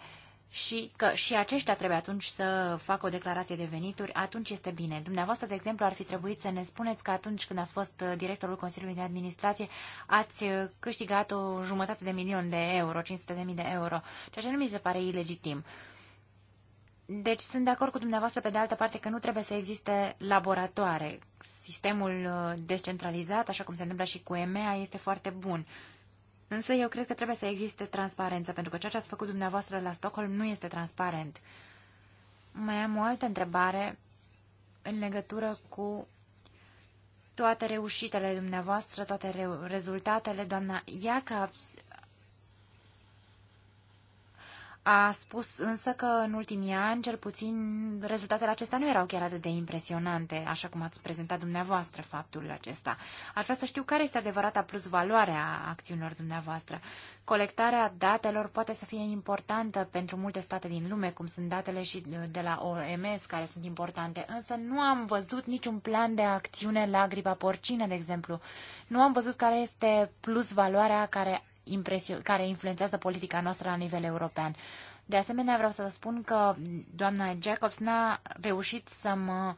și că și aceștia trebuie atunci să facă o declarație de venituri, atunci este bine. Dumneavoastră, de exemplu, ar fi trebuit să ne spuneți că atunci când ați fost uh, directorul Consiliului de Administrație, ați uh, câștigat o jumătate de milion de euro, 500.000 de euro, ceea ce nu mi se pare ilegitim. Deci sunt de acord cu dumneavoastră pe de altă parte că nu trebuie să existe laboratoare. Sistemul uh, descentralizat, așa cum se întâmplă și cu EMEA, este foarte bun Însă eu cred că trebuie să existe transparență, pentru că ceea ce ați făcut dumneavoastră la Stockholm nu este transparent. Mai am o altă întrebare în legătură cu toate reușitele dumneavoastră, toate re- rezultatele. Doamna Jacobs a spus însă că în ultimii ani, cel puțin, rezultatele acestea nu erau chiar atât de impresionante, așa cum ați prezentat dumneavoastră faptul acesta. Aș vrea să știu care este adevărata plusvaloare a acțiunilor dumneavoastră. Colectarea datelor poate să fie importantă pentru multe state din lume, cum sunt datele și uh, de la OMS, care sunt importante, însă nu am văzut niciun plan de acțiune la gripa porcină, de exemplu. Nu am văzut care este plusvaloarea care care influențează politica noastră la nivel european. De asemenea, vreau să vă spun că doamna Jacobs n-a reușit să mă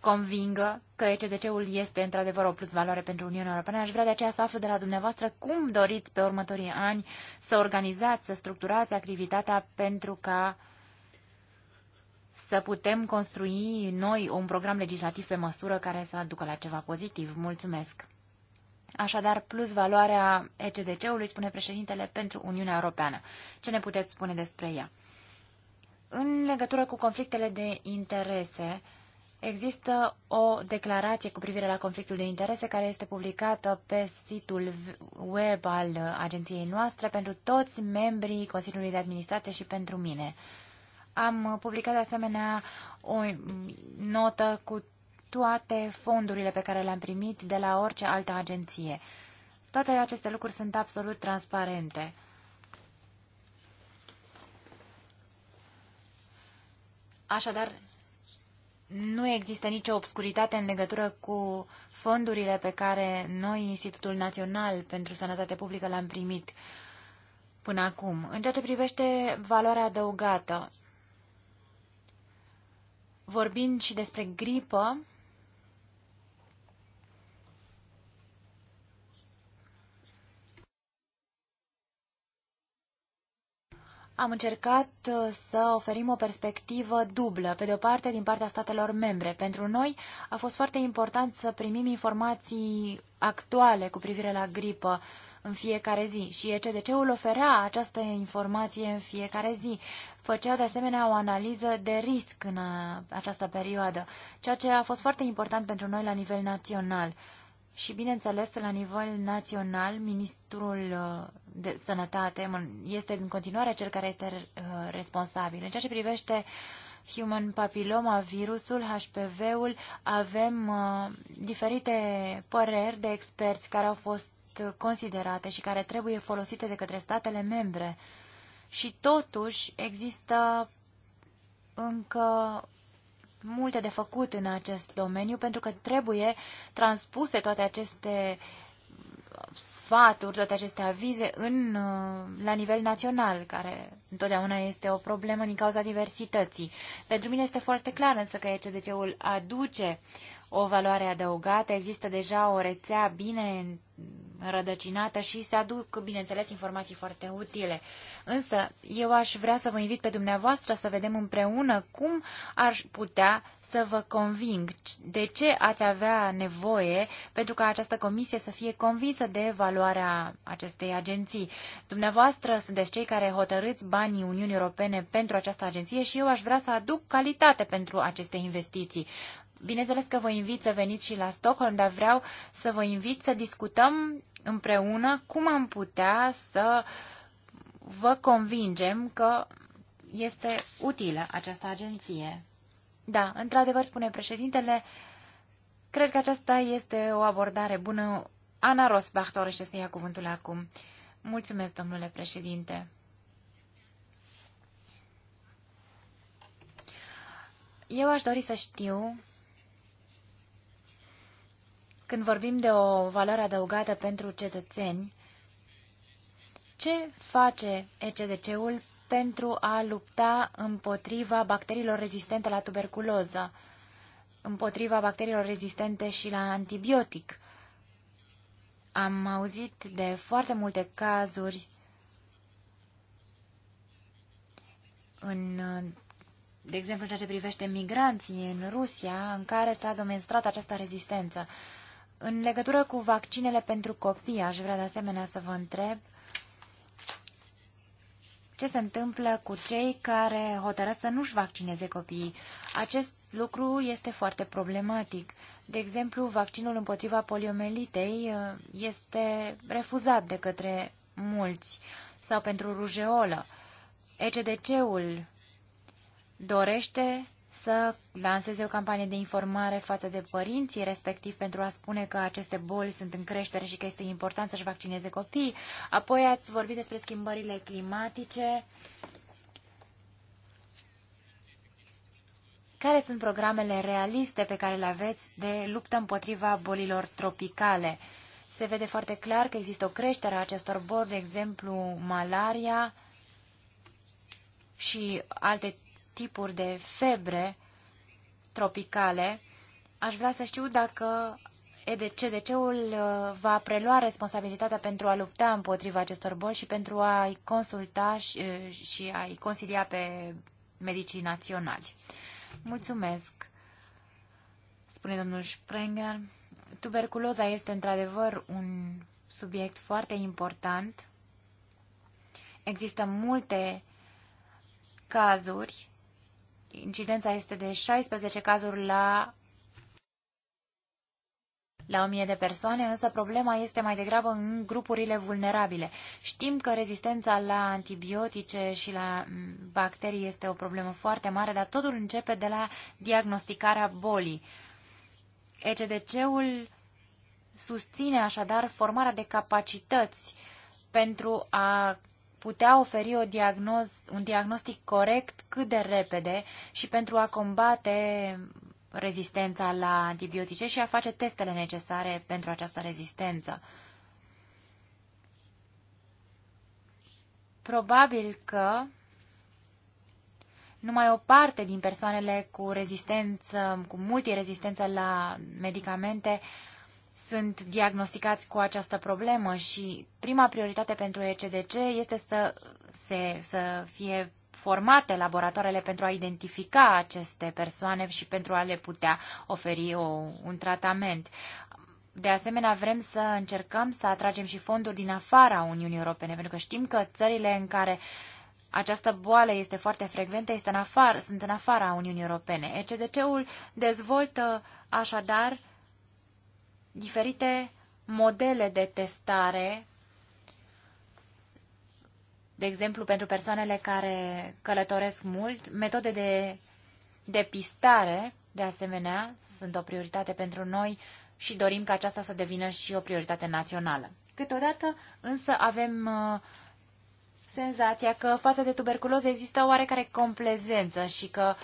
convingă că ECDC-ul este într-adevăr o plus valoare pentru Uniunea Europeană. Aș vrea de aceea să aflu de la dumneavoastră cum doriți pe următorii ani să organizați, să structurați activitatea pentru ca să putem construi noi un program legislativ pe măsură care să aducă la ceva pozitiv. Mulțumesc! Așadar, plus valoarea ECDC-ului, spune președintele, pentru Uniunea Europeană. Ce ne puteți spune despre ea? În legătură cu conflictele de interese, există o declarație cu privire la conflictul de interese care este publicată pe site-ul web al agenției noastre pentru toți membrii Consiliului de Administrație și pentru mine. Am publicat de asemenea o notă cu toate fondurile pe care le-am primit de la orice altă agenție. Toate aceste lucruri sunt absolut transparente. Așadar, nu există nicio obscuritate în legătură cu fondurile pe care noi, Institutul Național pentru Sănătate Publică, le-am primit până acum. În ceea ce privește valoarea adăugată, vorbind și despre gripă, am încercat uh, să oferim o perspectivă dublă, pe de o parte din partea statelor membre. Pentru noi a fost foarte important să primim informații actuale cu privire la gripă în fiecare zi și ECDC-ul oferea această informație în fiecare zi. Făcea de asemenea o analiză de risc în uh, această perioadă, ceea ce a fost foarte important pentru noi la nivel național și, bineînțeles, la nivel național, Ministrul uh, de Sănătate este în continuare cel care este uh, responsabil. În ceea ce privește human papiloma virusul, HPV-ul, avem uh, diferite păreri de experți care au fost considerate și care trebuie folosite de către statele membre. Și totuși există încă multe de făcut în acest domeniu, pentru că trebuie transpuse toate aceste sfaturi, toate aceste avize în, la nivel național, care întotdeauna este o problemă din cauza diversității. Pentru mine este foarte clar însă că ECDC-ul aduce uh, o valoare adăugată, există deja o rețea bine rădăcinată și se aduc, bineînțeles, informații foarte utile. Însă, eu aș vrea să vă invit pe dumneavoastră să vedem împreună cum ar putea să vă conving, de ce ați avea nevoie pentru ca această comisie să fie convinsă de valoarea acestei agenții. Dumneavoastră sunteți cei care hotărâți banii Uniunii Europene pentru această agenție și eu aș vrea să aduc calitate pentru aceste investiții. Bineînțeles că vă invit să veniți și la Stockholm, dar vreau să vă invit să discutăm împreună cum am putea să vă convingem că este utilă această agenție. Da, într-adevăr, spune președintele, cred că aceasta este o abordare bună. Ana Rosbach dorește să ia cuvântul acum. Mulțumesc, domnule președinte. Eu aș dori să știu când vorbim de o valoare adăugată pentru cetățeni, ce face ECDC-ul pentru a lupta împotriva bacteriilor rezistente la tuberculoză, împotriva bacteriilor rezistente și la antibiotic? Am auzit de foarte multe cazuri în, de exemplu, în ceea ce privește migranții în Rusia, în care s-a demonstrat această rezistență. În legătură cu vaccinele pentru copii, aș vrea de asemenea să vă întreb ce se întâmplă cu cei care hotărăsc să nu-și vaccineze copiii. Acest lucru este foarte problematic. De exemplu, vaccinul împotriva poliomelitei uh, este refuzat de către mulți sau pentru rujeolă. ECDC-ul dorește să lanseze o campanie de informare față de părinții, respectiv pentru a spune că aceste boli sunt în creștere și că este important să-și vaccineze copiii. Apoi ați vorbit despre schimbările climatice. Care sunt programele realiste pe care le aveți de luptă împotriva bolilor tropicale? Se vede foarte clar că există o creștere a acestor boli, de exemplu malaria și alte tipuri de febre tropicale, aș vrea să știu dacă EDCDC-ul uh, va prelua responsabilitatea pentru a lupta împotriva acestor boli și pentru a-i consulta și, uh, și a-i consilia pe medicii naționali. Mulțumesc, spune domnul Sprenger. Tuberculoza este într-adevăr un subiect foarte important. Există multe cazuri incidența este de 16 cazuri la la 1000 de persoane, însă problema este mai degrabă în grupurile vulnerabile. Știm că rezistența la antibiotice și la mm, bacterii este o problemă foarte mare, dar totul începe de la diagnosticarea bolii. ECDC-ul susține așadar formarea de capacități pentru a putea oferi o diagnoz, un diagnostic corect cât de repede și pentru a combate rezistența la antibiotice și a face testele necesare pentru această rezistență. Probabil că numai o parte din persoanele cu rezistență, cu multirezistență la medicamente, uh, sunt diagnosticați cu această problemă și prima prioritate pentru ECDC este să, se, să fie formate laboratoarele pentru a identifica aceste persoane și pentru a le putea oferi o, un tratament. De asemenea, vrem să încercăm să atragem și fonduri din afara Uniunii Europene, pentru că știm că țările în care această boală este foarte frecventă, este în afară, sunt în afara Uniunii Europene. ECDC-ul dezvoltă așadar uh, diferite modele de testare, de exemplu pentru persoanele care călătoresc mult, metode de depistare, de asemenea, sunt o prioritate pentru noi și dorim ca aceasta să devină și o prioritate națională. Câteodată însă avem uh, senzația că față de tuberculoză există oarecare complezență și că uh,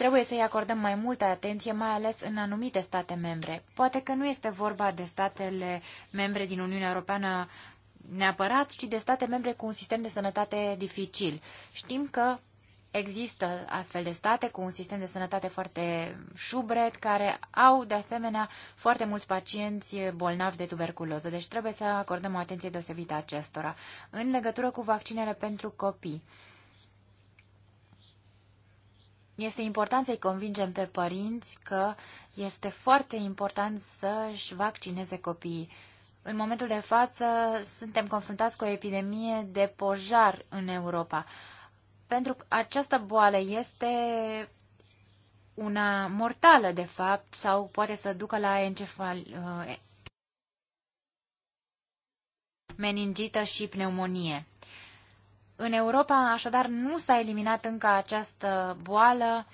Trebuie să-i acordăm mai multă atenție, mai ales în anumite state membre. Poate că nu este vorba de statele membre din Uniunea Europeană neapărat, ci de state membre cu un sistem de sănătate dificil. Știm că există astfel de state cu un sistem de sănătate foarte șubret, care au, de asemenea, foarte mulți pacienți bolnavi de tuberculoză. Deci trebuie să acordăm o atenție deosebită acestora. În legătură cu vaccinele pentru copii, este important să-i convingem pe părinți că este foarte important să-și vaccineze copiii. În momentul de față suntem confruntați cu o epidemie de pojar în Europa. Pentru că această boală este una mortală, de fapt, sau poate să ducă la encefal, uh, meningită și pneumonie. În Europa, așadar, nu s-a eliminat încă această boală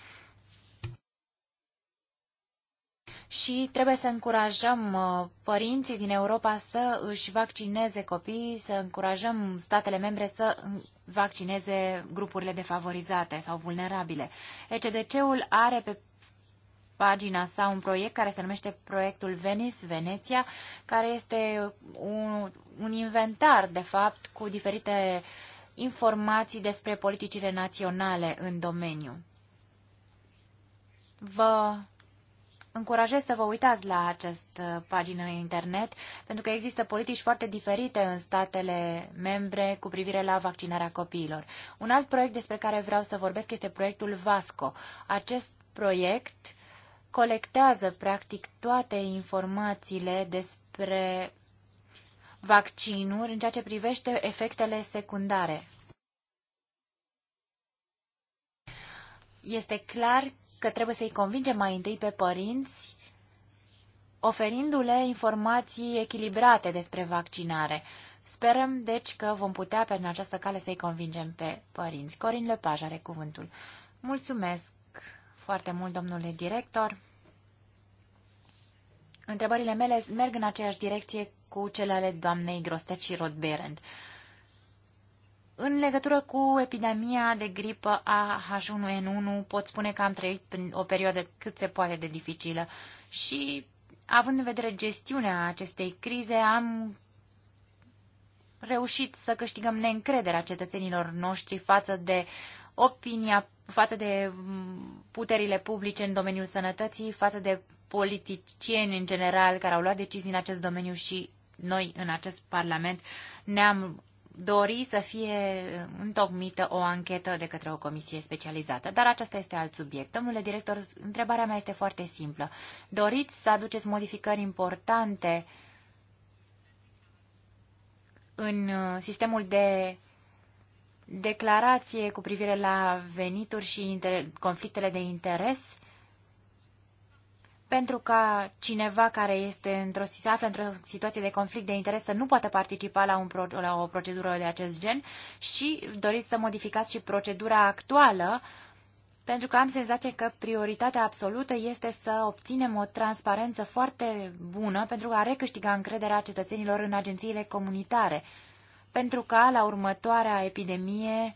și trebuie să încurajăm uh, părinții din Europa să își vaccineze copiii, să încurajăm statele membre să vaccineze grupurile defavorizate sau vulnerabile. ECDC-ul are pe pagina sa un proiect care se numește proiectul Venice, Veneția, care este un, un inventar, de fapt, cu diferite informații despre politicile naționale în domeniu. Vă încurajez să vă uitați la această pagină internet, pentru că există politici foarte diferite în statele membre cu privire la vaccinarea copiilor. Un alt proiect despre care vreau să vorbesc este proiectul VASCO. Acest proiect colectează practic toate informațiile despre vaccinuri în ceea ce privește efectele secundare. Este clar că trebuie să-i convingem mai întâi pe părinți oferindu-le informații echilibrate despre vaccinare. Sperăm, deci, că vom putea pe această cale să-i convingem pe părinți. Corin Lepaj are cuvântul. Mulțumesc foarte mult, domnule director. Întrebările mele merg în aceeași direcție cu cele ale doamnei Grostet și Rodberend. În legătură cu epidemia de gripă a H1N1, pot spune că am trăit prin o perioadă cât se poate de dificilă și, având în vedere gestiunea acestei crize, am reușit să câștigăm neîncrederea cetățenilor noștri față de opinia față de mm, puterile publice în domeniul sănătății, față de politicieni în general care au luat decizii în acest domeniu și noi în acest Parlament ne-am dori să fie întocmită o anchetă de către o comisie specializată. Dar acesta este alt subiect. Domnule director, întrebarea mea este foarte simplă. Doriți să aduceți modificări importante în uh, sistemul de declarație cu privire la venituri și conflictele de interes pentru ca cineva care este într-o, se află într-o situație de conflict de interes să nu poată participa la, un, pro, la o procedură de acest gen și doriți să modificați și procedura actuală pentru că am senzația că prioritatea absolută este să obținem o transparență foarte bună pentru a recâștiga încrederea cetățenilor în agențiile comunitare pentru ca la următoarea epidemie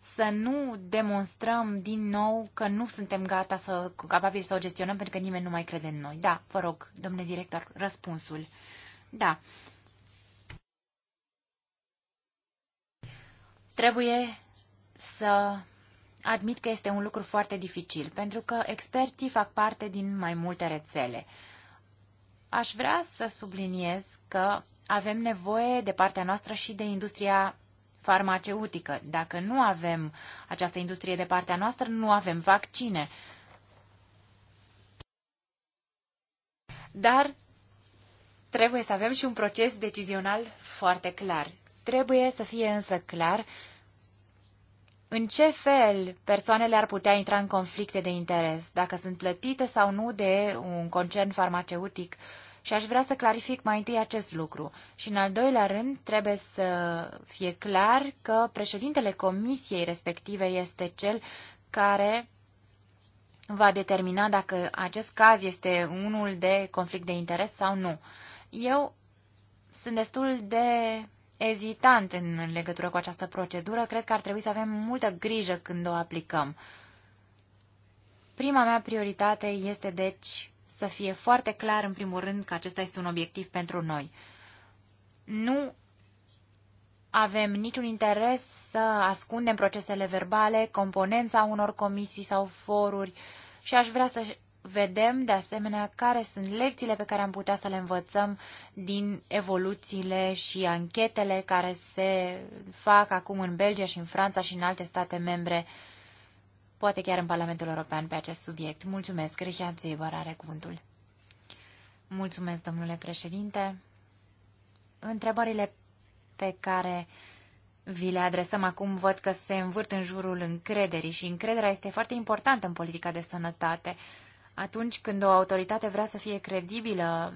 să nu demonstrăm din nou că nu suntem gata să capabili să o gestionăm pentru că nimeni nu mai crede în noi. Da, vă rog, domnule director, răspunsul. Da. Trebuie să admit că este un lucru foarte dificil, pentru că experții fac parte din mai multe rețele. Aș vrea să subliniez că avem nevoie de partea noastră și de industria farmaceutică. Dacă nu avem această industrie de partea noastră, nu avem vaccine. Dar trebuie să avem și un proces decizional foarte clar. Trebuie să fie însă clar în ce fel persoanele ar putea intra în conflicte de interes, dacă sunt plătite sau nu de un concern farmaceutic uh, și aș vrea să clarific mai întâi acest lucru. Și în al doilea rând, trebuie să fie clar că președintele comisiei respective este cel care va determina dacă acest caz este unul de conflict de interes sau nu. Eu sunt destul de ezitant în legătură cu această procedură. Cred că ar trebui să avem multă grijă când o aplicăm. Prima mea prioritate este, deci, să fie foarte clar, în primul rând, că acesta este un obiectiv pentru noi. Nu avem niciun interes să ascundem procesele verbale, componența unor comisii sau foruri și aș vrea să vedem, de asemenea, care sunt lecțiile pe care am putea să le învățăm din evoluțiile și anchetele care se fac acum în Belgia și în Franța și în alte state membre uh, poate chiar în Parlamentul European, pe acest subiect. Mulțumesc. Richard Zeber are cuvântul. Mulțumesc, domnule președinte. Întrebările pe care vi le adresăm acum văd că se învârt în jurul încrederii și încrederea este foarte importantă în politica de sănătate. Atunci când o autoritate vrea să fie credibilă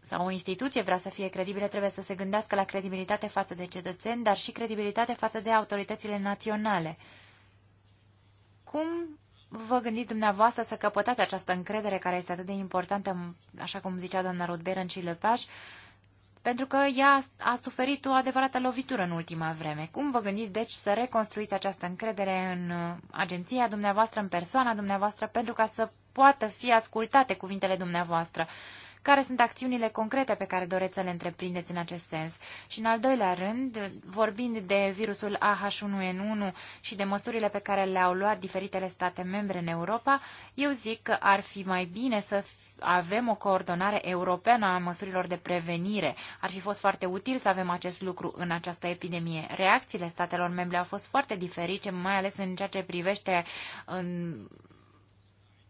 sau o instituție vrea să fie credibilă, trebuie să se gândească la credibilitate față de cetățeni, dar și credibilitate față de autoritățile naționale. Cum vă gândiți dumneavoastră să căpătați această încredere care este atât de importantă, așa cum zicea doamna Rodberen și Lepaș, pentru că ea a suferit o adevărată lovitură în ultima vreme. Cum vă gândiți, deci, să reconstruiți această încredere în uh, agenția dumneavoastră, în persoana dumneavoastră, pentru ca să poată fi ascultate cuvintele dumneavoastră? Uh, care sunt acțiunile concrete pe care doreți să le întreprindeți în acest sens. Și în al doilea rând, vorbind de virusul AH1N1 și de măsurile pe care le-au luat diferitele state membre în Europa, eu zic că ar fi mai bine să avem o coordonare europeană a măsurilor de prevenire. Ar fi fost foarte util să avem acest lucru în această epidemie. Reacțiile statelor membre au fost foarte diferite, mai ales în ceea ce privește în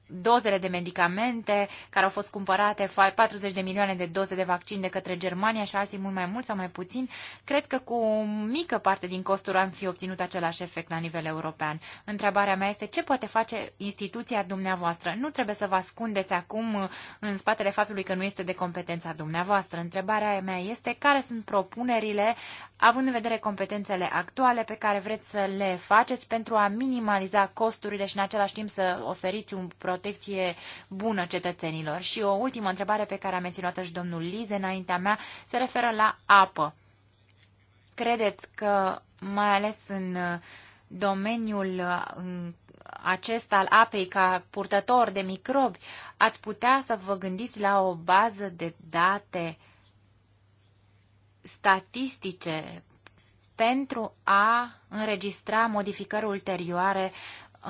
dozele de medicamente care au fost cumpărate, 40 de milioane de doze de vaccin de către Germania și alții mult mai mult sau mai puțin, cred că cu o mică parte din costuri am fi obținut același efect la nivel european. Întrebarea mea este ce poate face instituția dumneavoastră? Nu trebuie să vă ascundeți acum în spatele faptului că nu este de competența dumneavoastră. Întrebarea mea este care sunt propunerile, având în vedere competențele actuale pe care vreți să le faceți pentru a minimaliza costurile și în același timp să oferiți un produs protecție bună cetățenilor. Și o ultimă întrebare pe care a menționat-o și domnul Lize înaintea mea se referă la apă. Credeți că, mai ales în uh, domeniul uh, acesta al apei ca purtător de microbi, ați putea să vă gândiți la o bază de date statistice pentru a înregistra modificări ulterioare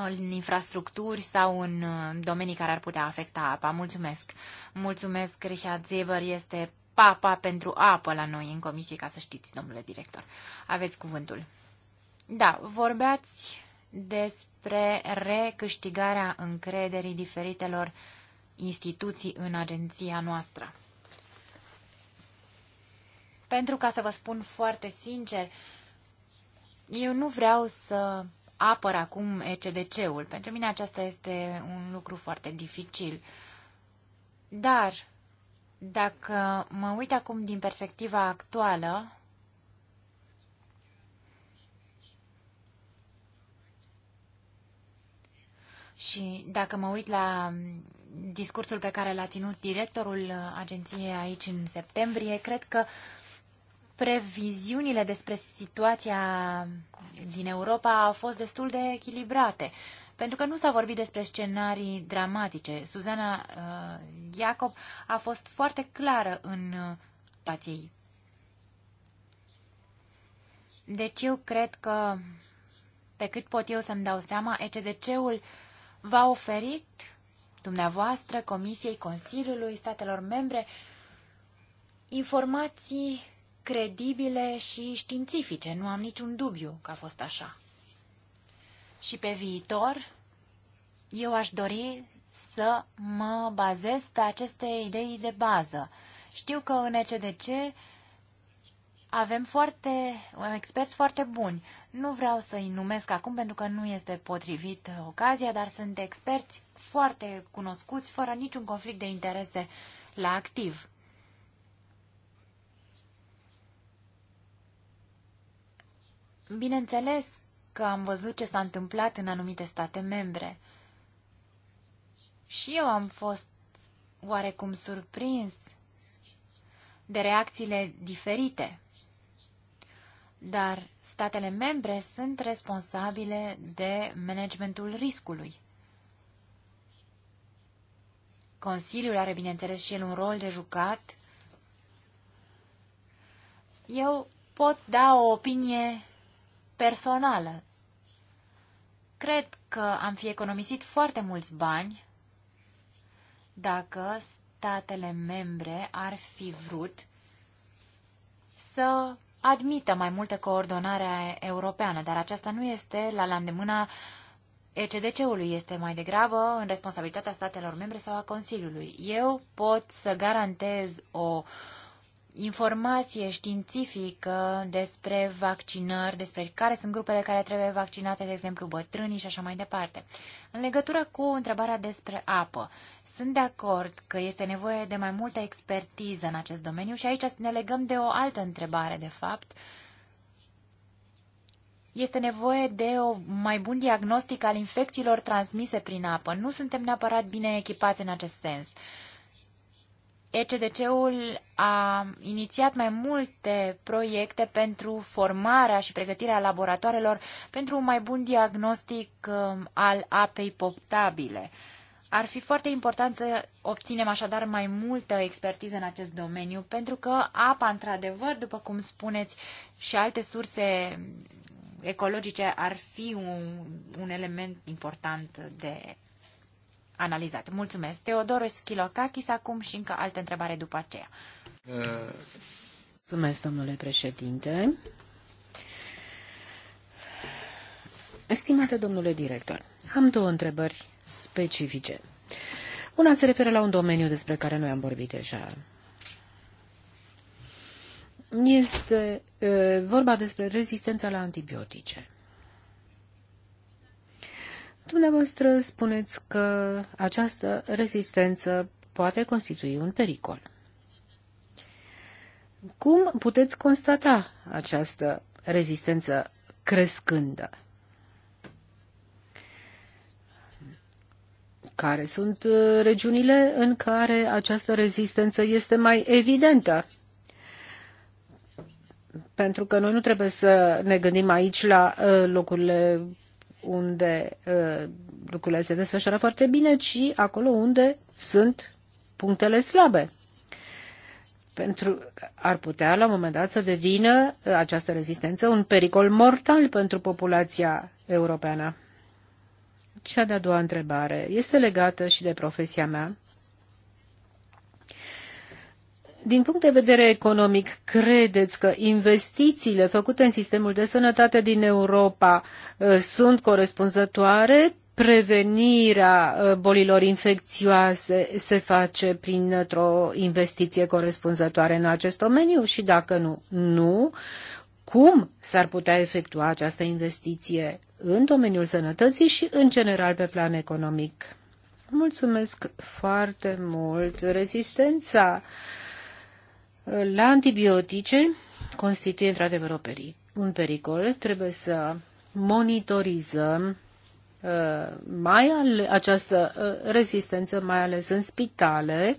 în infrastructuri sau în uh, domenii care ar putea afecta apa. Mulțumesc! Mulțumesc, Richard Zeber este papa pentru apă la noi în comisie, ca să știți, domnule director. Aveți cuvântul. Da, vorbeați despre recâștigarea încrederii diferitelor instituții în agenția noastră. Pentru ca să vă spun foarte sincer, eu nu vreau să apăr acum ECDC-ul. Pentru mine aceasta este un lucru foarte dificil. Dar, dacă mă uit acum din perspectiva actuală, și dacă mă uit la discursul pe care l-a ținut directorul agenției aici în septembrie, cred că uh, previziunile despre situația din Europa au fost destul de echilibrate, pentru că nu s-a vorbit despre scenarii dramatice. Suzana uh, Iacob a fost foarte clară în uh, ei. Deci eu cred că, pe cât pot eu să-mi dau seama, ECDC-ul v-a oferit dumneavoastră, Comisiei, Consiliului, statelor membre, informații credibile și științifice. Nu am niciun dubiu că a fost așa. Și pe viitor, eu aș dori să mă bazez pe aceste idei de bază. Știu că în ECDC avem foarte, avem experți foarte buni. Nu vreau să-i numesc acum pentru că nu este potrivit ocazia, dar sunt experți foarte cunoscuți, fără niciun conflict de interese la activ. Bineînțeles că am văzut ce s-a întâmplat în anumite state membre. Și eu am fost oarecum surprins de reacțiile diferite. Dar statele membre sunt responsabile de managementul riscului. Consiliul are, bineînțeles, și el un rol de jucat. Eu pot da o opinie personală. Cred că am fi economisit foarte mulți bani dacă statele membre ar fi vrut să admită mai multă coordonare europeană, dar aceasta nu este la, la îndemâna ECDC-ului, este mai degrabă în responsabilitatea statelor membre sau a Consiliului. Eu pot să garantez o uh, informație științifică despre vaccinări, despre care sunt grupele care trebuie vaccinate, de exemplu bătrânii și așa mai departe. În legătură cu întrebarea despre apă, sunt de acord că este nevoie de mai multă expertiză în acest domeniu și aici ne legăm de o altă întrebare, de fapt. Este nevoie de o mai bun diagnostic al infecțiilor transmise prin apă. Nu suntem neapărat bine echipați în acest sens. Uh, ECDC-ul a inițiat mai multe proiecte pentru formarea și pregătirea laboratoarelor pentru un mai bun diagnostic um, al apei potabile. Ar fi foarte important să obținem așadar mai multă expertiză în acest domeniu, pentru că apa, într-adevăr, după cum spuneți, și alte surse ecologice ar fi un, un element important de analizat. Mulțumesc. Teodoros Schilocakis acum și încă altă întrebare după aceea. Mulțumesc, domnule președinte. Estimate domnule director, am două întrebări specifice. Una se referă la un domeniu despre care noi am vorbit deja. Este e, vorba despre rezistența la antibiotice. Dumneavoastră spuneți că această rezistență poate constitui un pericol. Cum puteți constata această rezistență crescândă? Care sunt uh, regiunile în care această rezistență este mai evidentă? Pentru că noi nu trebuie să ne gândim aici la uh, locurile unde uh, lucrurile se desfășoară foarte bine, ci acolo unde sunt punctele slabe. Pentru ar putea la un moment dat să devină uh, această rezistență un pericol mortal pentru populația europeană. Cea de-a doua întrebare este legată și de profesia mea din punct de vedere economic, credeți că investițiile făcute în sistemul de sănătate din Europa uh, sunt corespunzătoare? Prevenirea uh, bolilor infecțioase se face printr-o investiție corespunzătoare în acest domeniu și dacă nu, nu, cum s-ar putea efectua această investiție în domeniul sănătății și în general pe plan economic? Mulțumesc foarte mult. Rezistența uh, la antibiotice constituie într-adevăr un pericol. Trebuie să monitorizăm uh, mai ale, această uh, rezistență, mai ales în spitale.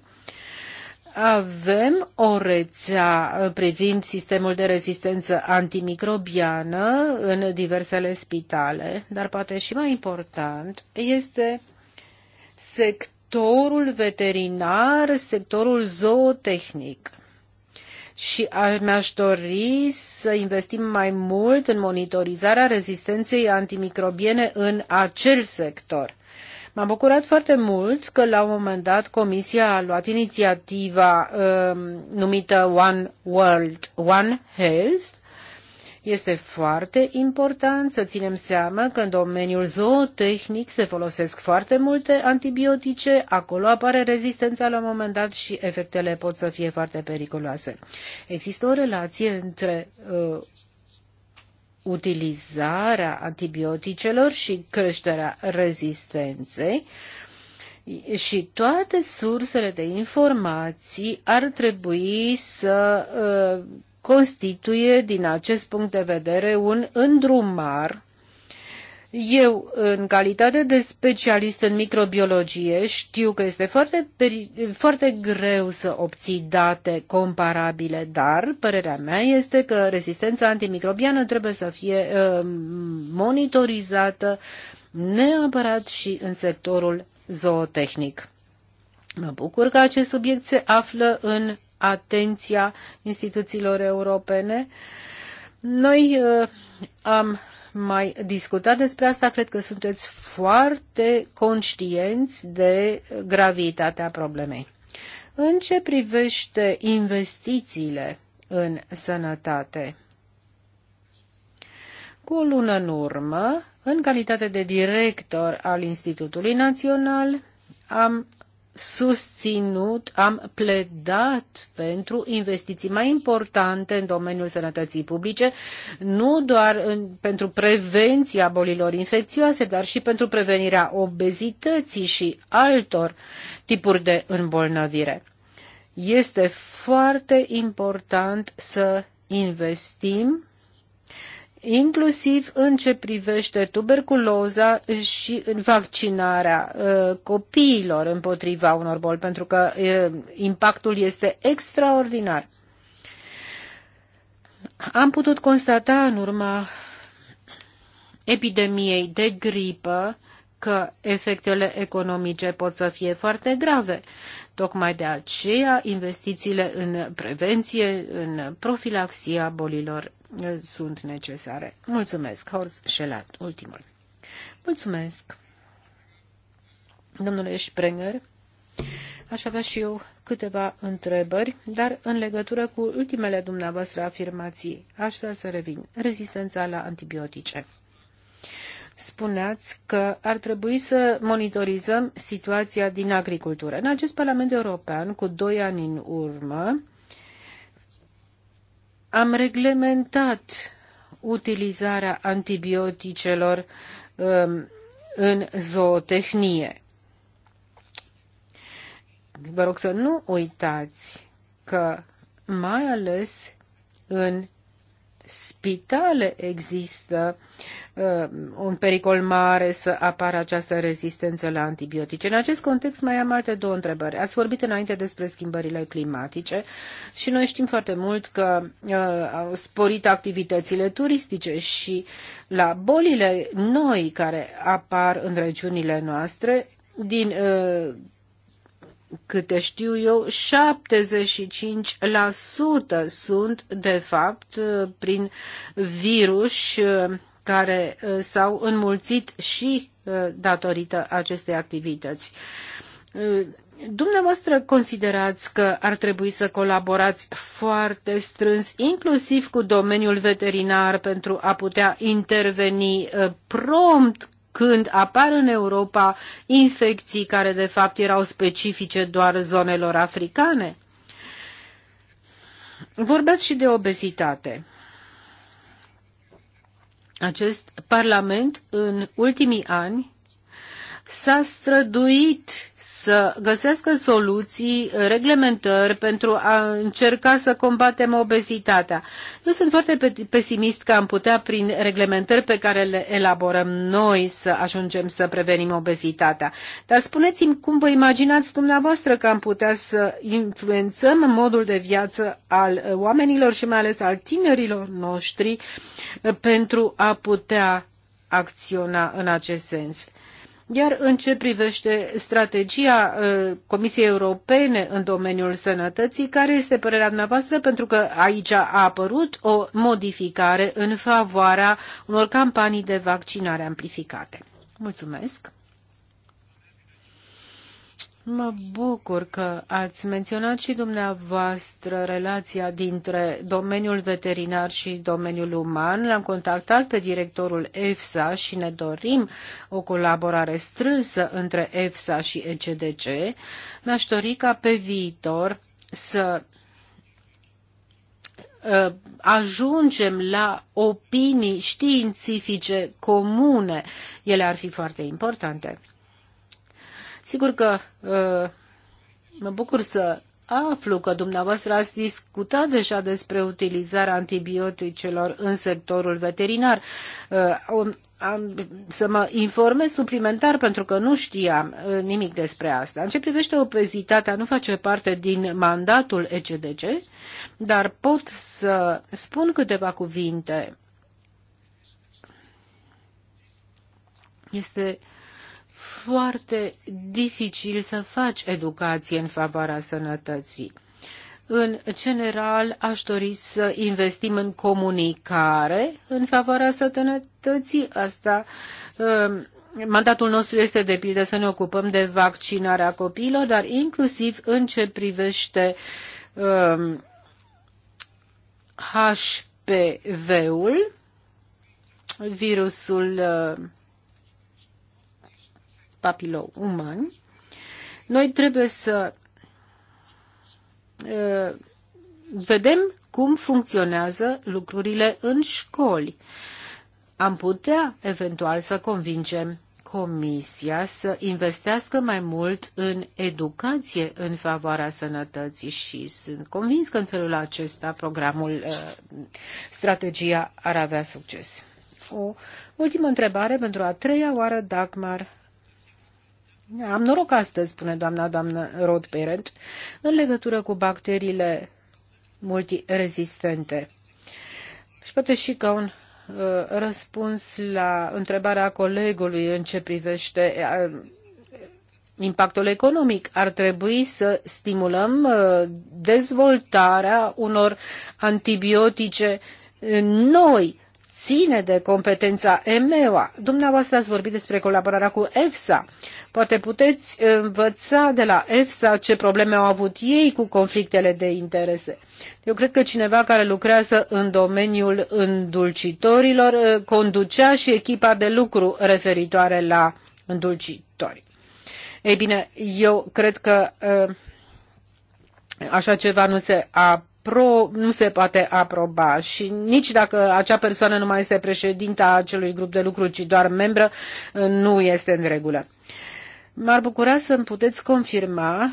Avem o rețea uh, privind sistemul de rezistență antimicrobiană în diversele spitale, dar poate și mai important este sectorul veterinar, sectorul zootehnic și mi-aș dori să investim mai mult în monitorizarea rezistenței antimicrobiene în acel sector. M-am bucurat foarte mult că la un moment dat Comisia a luat inițiativa uh, numită One World, One Health, este foarte important să ținem seama că în domeniul zootehnic se folosesc foarte multe antibiotice, acolo apare rezistența la un moment dat și efectele pot să fie foarte periculoase. Există o relație între uh, utilizarea antibioticelor și creșterea rezistenței și toate sursele de informații ar trebui să uh, constituie, din acest punct de vedere, un îndrumar eu, în calitate de specialist în microbiologie, știu că este foarte, foarte greu să obții date comparabile, dar părerea mea este că rezistența antimicrobiană trebuie să fie uh, monitorizată neapărat și în sectorul zootehnic. Mă bucur că acest subiect se află în atenția instituțiilor europene. Noi uh, am mai discutat despre asta, cred că sunteți foarte conștienți de gravitatea problemei. În ce privește investițiile în sănătate? Cu o lună în urmă, în calitate de director al Institutului Național, am susținut, am pledat pentru investiții mai importante în domeniul sănătății publice, nu doar în, pentru prevenția bolilor infecțioase, dar și pentru prevenirea obezității și altor tipuri de îmbolnăvire. Este foarte important să investim inclusiv în ce privește tuberculoza și în vaccinarea uh, copiilor împotriva unor boli, pentru că uh, impactul este extraordinar. Am putut constata în urma epidemiei de gripă că efectele economice pot să fie foarte grave. Tocmai de aceea, investițiile în prevenție, în profilaxia bolilor sunt necesare. Mulțumesc, Horst Schelat, ultimul. Mulțumesc. Domnule Sprenger, aș avea și eu câteva întrebări, dar în legătură cu ultimele dumneavoastră afirmații, aș vrea să revin. Rezistența la antibiotice. Spuneați că ar trebui să monitorizăm situația din agricultură. În acest Parlament European, cu doi ani în urmă, am reglementat utilizarea antibioticelor um, în zootehnie. Vă rog să nu uitați că mai ales în spitale există uh, un pericol mare să apară această rezistență la antibiotice. În acest context mai am alte două întrebări. Ați vorbit înainte despre schimbările climatice și noi știm foarte mult că uh, au sporit activitățile turistice și la bolile noi care apar în regiunile noastre din uh, câte știu eu, 75% sunt, de fapt, prin virus care uh, s-au înmulțit și uh, datorită acestei activități. Uh, dumneavoastră considerați că ar trebui să colaborați foarte strâns, inclusiv cu domeniul veterinar, pentru a putea interveni prompt când apar în Europa infecții care de fapt erau specifice doar zonelor africane? Vorbeați și de obezitate. Acest Parlament în ultimii ani s-a străduit să găsească soluții, reglementări pentru a încerca să combatem obezitatea. Eu sunt foarte pesimist că am putea prin reglementări pe care le elaborăm noi să ajungem să prevenim obezitatea. Dar spuneți-mi cum vă imaginați dumneavoastră că am putea să influențăm modul de viață al oamenilor și mai ales al tinerilor noștri pentru a putea acționa în acest sens. Iar în ce privește strategia uh, Comisiei Europene în domeniul sănătății, care este părerea dumneavoastră? Pentru că aici a apărut o modificare în favoarea unor campanii de vaccinare amplificate. Mulțumesc! Mă bucur că ați menționat și dumneavoastră relația dintre domeniul veterinar și domeniul uman. L-am contactat pe directorul EFSA și ne dorim o colaborare strânsă între EFSA și ECDC. Mi-aș dori ca pe viitor să ă, ajungem la opinii științifice comune. Ele ar fi foarte importante. Sigur că uh, mă bucur să aflu că dumneavoastră ați discutat deja despre utilizarea antibioticelor în sectorul veterinar. Uh, am, să mă informez suplimentar pentru că nu știam uh, nimic despre asta. În ce privește obezitatea, nu face parte din mandatul ECDC, dar pot să spun câteva cuvinte. Este uh, foarte dificil să faci educație în favoarea sănătății. În general, aș dori să investim în comunicare în favoarea sănătății. Asta um, Mandatul nostru este de pildă să ne ocupăm de vaccinarea copiilor, dar inclusiv în ce privește um, HPV-ul, virusul uh, papilou umani. Noi trebuie să uh, vedem cum funcționează lucrurile în școli. Am putea eventual să convingem Comisia să investească mai mult în educație în favoarea sănătății și sunt convins că în felul acesta programul, strategia ar avea succes. O ultimă întrebare pentru a treia oară, Dagmar. Am noroc astăzi, spune doamna doamnă parent, în legătură cu bacteriile multiresistente. Și poate și ca un uh, răspuns la întrebarea colegului în ce privește uh, impactul economic. Ar trebui să stimulăm uh, dezvoltarea unor antibiotice noi ține de competența EMEA. Dumneavoastră ați vorbit despre colaborarea cu EFSA. Poate puteți învăța de la EFSA ce probleme au avut ei cu conflictele de interese. Eu cred că cineva care lucrează în domeniul îndulcitorilor uh, conducea și echipa de lucru referitoare la îndulcitori. Ei bine, eu cred că uh, așa ceva nu se a pro nu se poate aproba și nici dacă acea persoană nu mai este președinta acelui grup de lucru, ci doar membră, nu este în regulă. M-ar bucura să îmi puteți confirma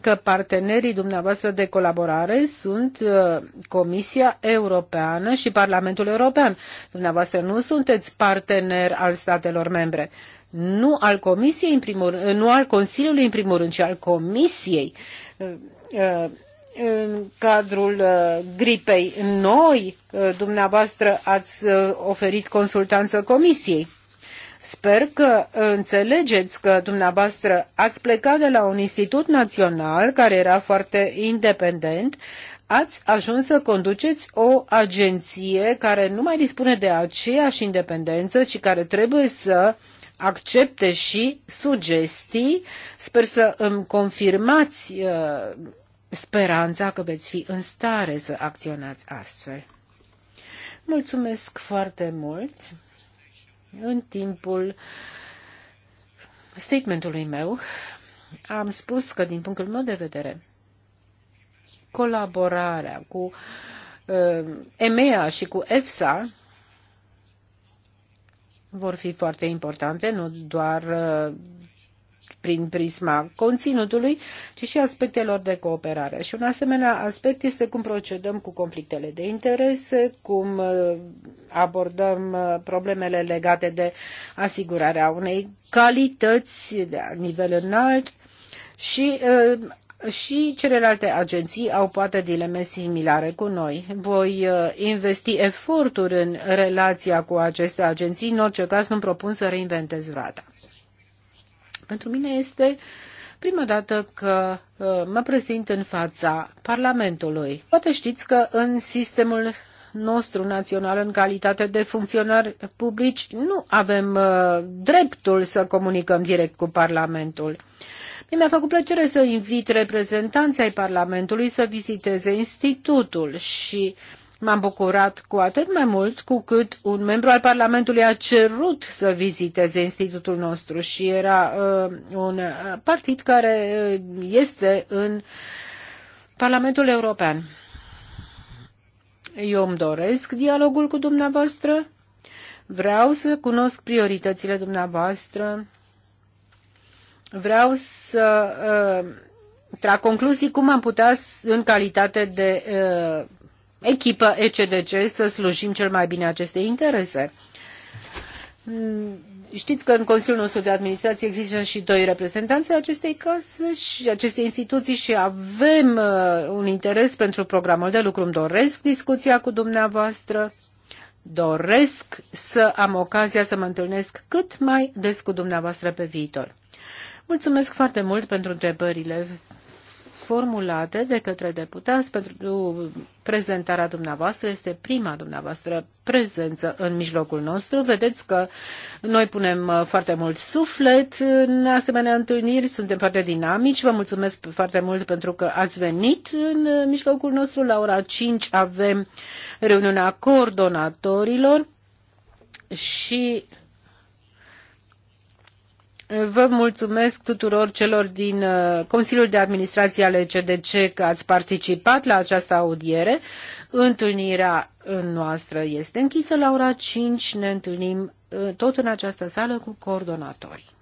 că partenerii dumneavoastră de colaborare sunt uh, Comisia Europeană și Parlamentul European. Dumneavoastră nu sunteți partener al statelor membre, nu al Comisiei în primul rând, nu al Consiliului în primul rând, ci al Comisiei. Uh, uh, în cadrul uh, gripei noi, uh, dumneavoastră ați uh, oferit consultanță comisiei. Sper că înțelegeți că dumneavoastră ați plecat de la un institut național care era foarte independent, ați ajuns să conduceți o agenție care nu mai dispune de aceeași independență, ci care trebuie să accepte și sugestii. Sper să îmi confirmați uh, speranța că veți fi în stare să acționați astfel. Mulțumesc foarte mult. În timpul statementului meu am spus că, din punctul meu de vedere, colaborarea cu uh, EMEA și cu EFSA vor fi foarte importante, nu doar uh, prin prisma conținutului, ci și aspectelor de cooperare. Și un asemenea aspect este cum procedăm cu conflictele de interese, cum uh, abordăm uh, problemele legate de asigurarea unei calități de nivel înalt și uh, și celelalte agenții au poate dileme similare cu noi. Voi investi eforturi în relația cu aceste agenții, în orice caz nu propun să reinventez vrata. Pentru mine este prima dată că uh, mă prezint în fața Parlamentului. Poate știți că în sistemul nostru național în calitate de funcționari publici nu avem uh, dreptul să comunicăm direct cu Parlamentul. Mi-a făcut plăcere să invit reprezentanții ai Parlamentului să viziteze institutul și uh, M-am bucurat cu atât mai mult cu cât un membru al Parlamentului a cerut să viziteze institutul nostru și era uh, un partid care uh, este în Parlamentul European. Eu îmi doresc dialogul cu dumneavoastră. Vreau să cunosc prioritățile dumneavoastră. Vreau să uh, trag concluzii cum am putea, în calitate de uh, echipă ECDC să slujim cel mai bine aceste interese. Mm, știți că în Consiliul nostru de administrație există și doi reprezentanți ai acestei case și acestei instituții și avem uh, un interes pentru programul de lucru. Îmi doresc discuția cu dumneavoastră. Doresc să am ocazia să mă întâlnesc cât mai des cu dumneavoastră pe viitor. Mulțumesc foarte mult pentru întrebările formulate de către deputați pentru prezentarea dumneavoastră. Este prima dumneavoastră prezență în mijlocul nostru. Vedeți că noi punem uh, foarte mult suflet în asemenea întâlniri, suntem foarte dinamici. Vă mulțumesc foarte mult pentru că ați venit în uh, mijlocul nostru. La ora 5 avem reuniunea coordonatorilor și Vă mulțumesc tuturor celor din uh, Consiliul de Administrație ale CDC că ați participat la această audiere. Întâlnirea noastră este închisă la ora 5. Ne întâlnim uh, tot în această sală cu coordonatorii.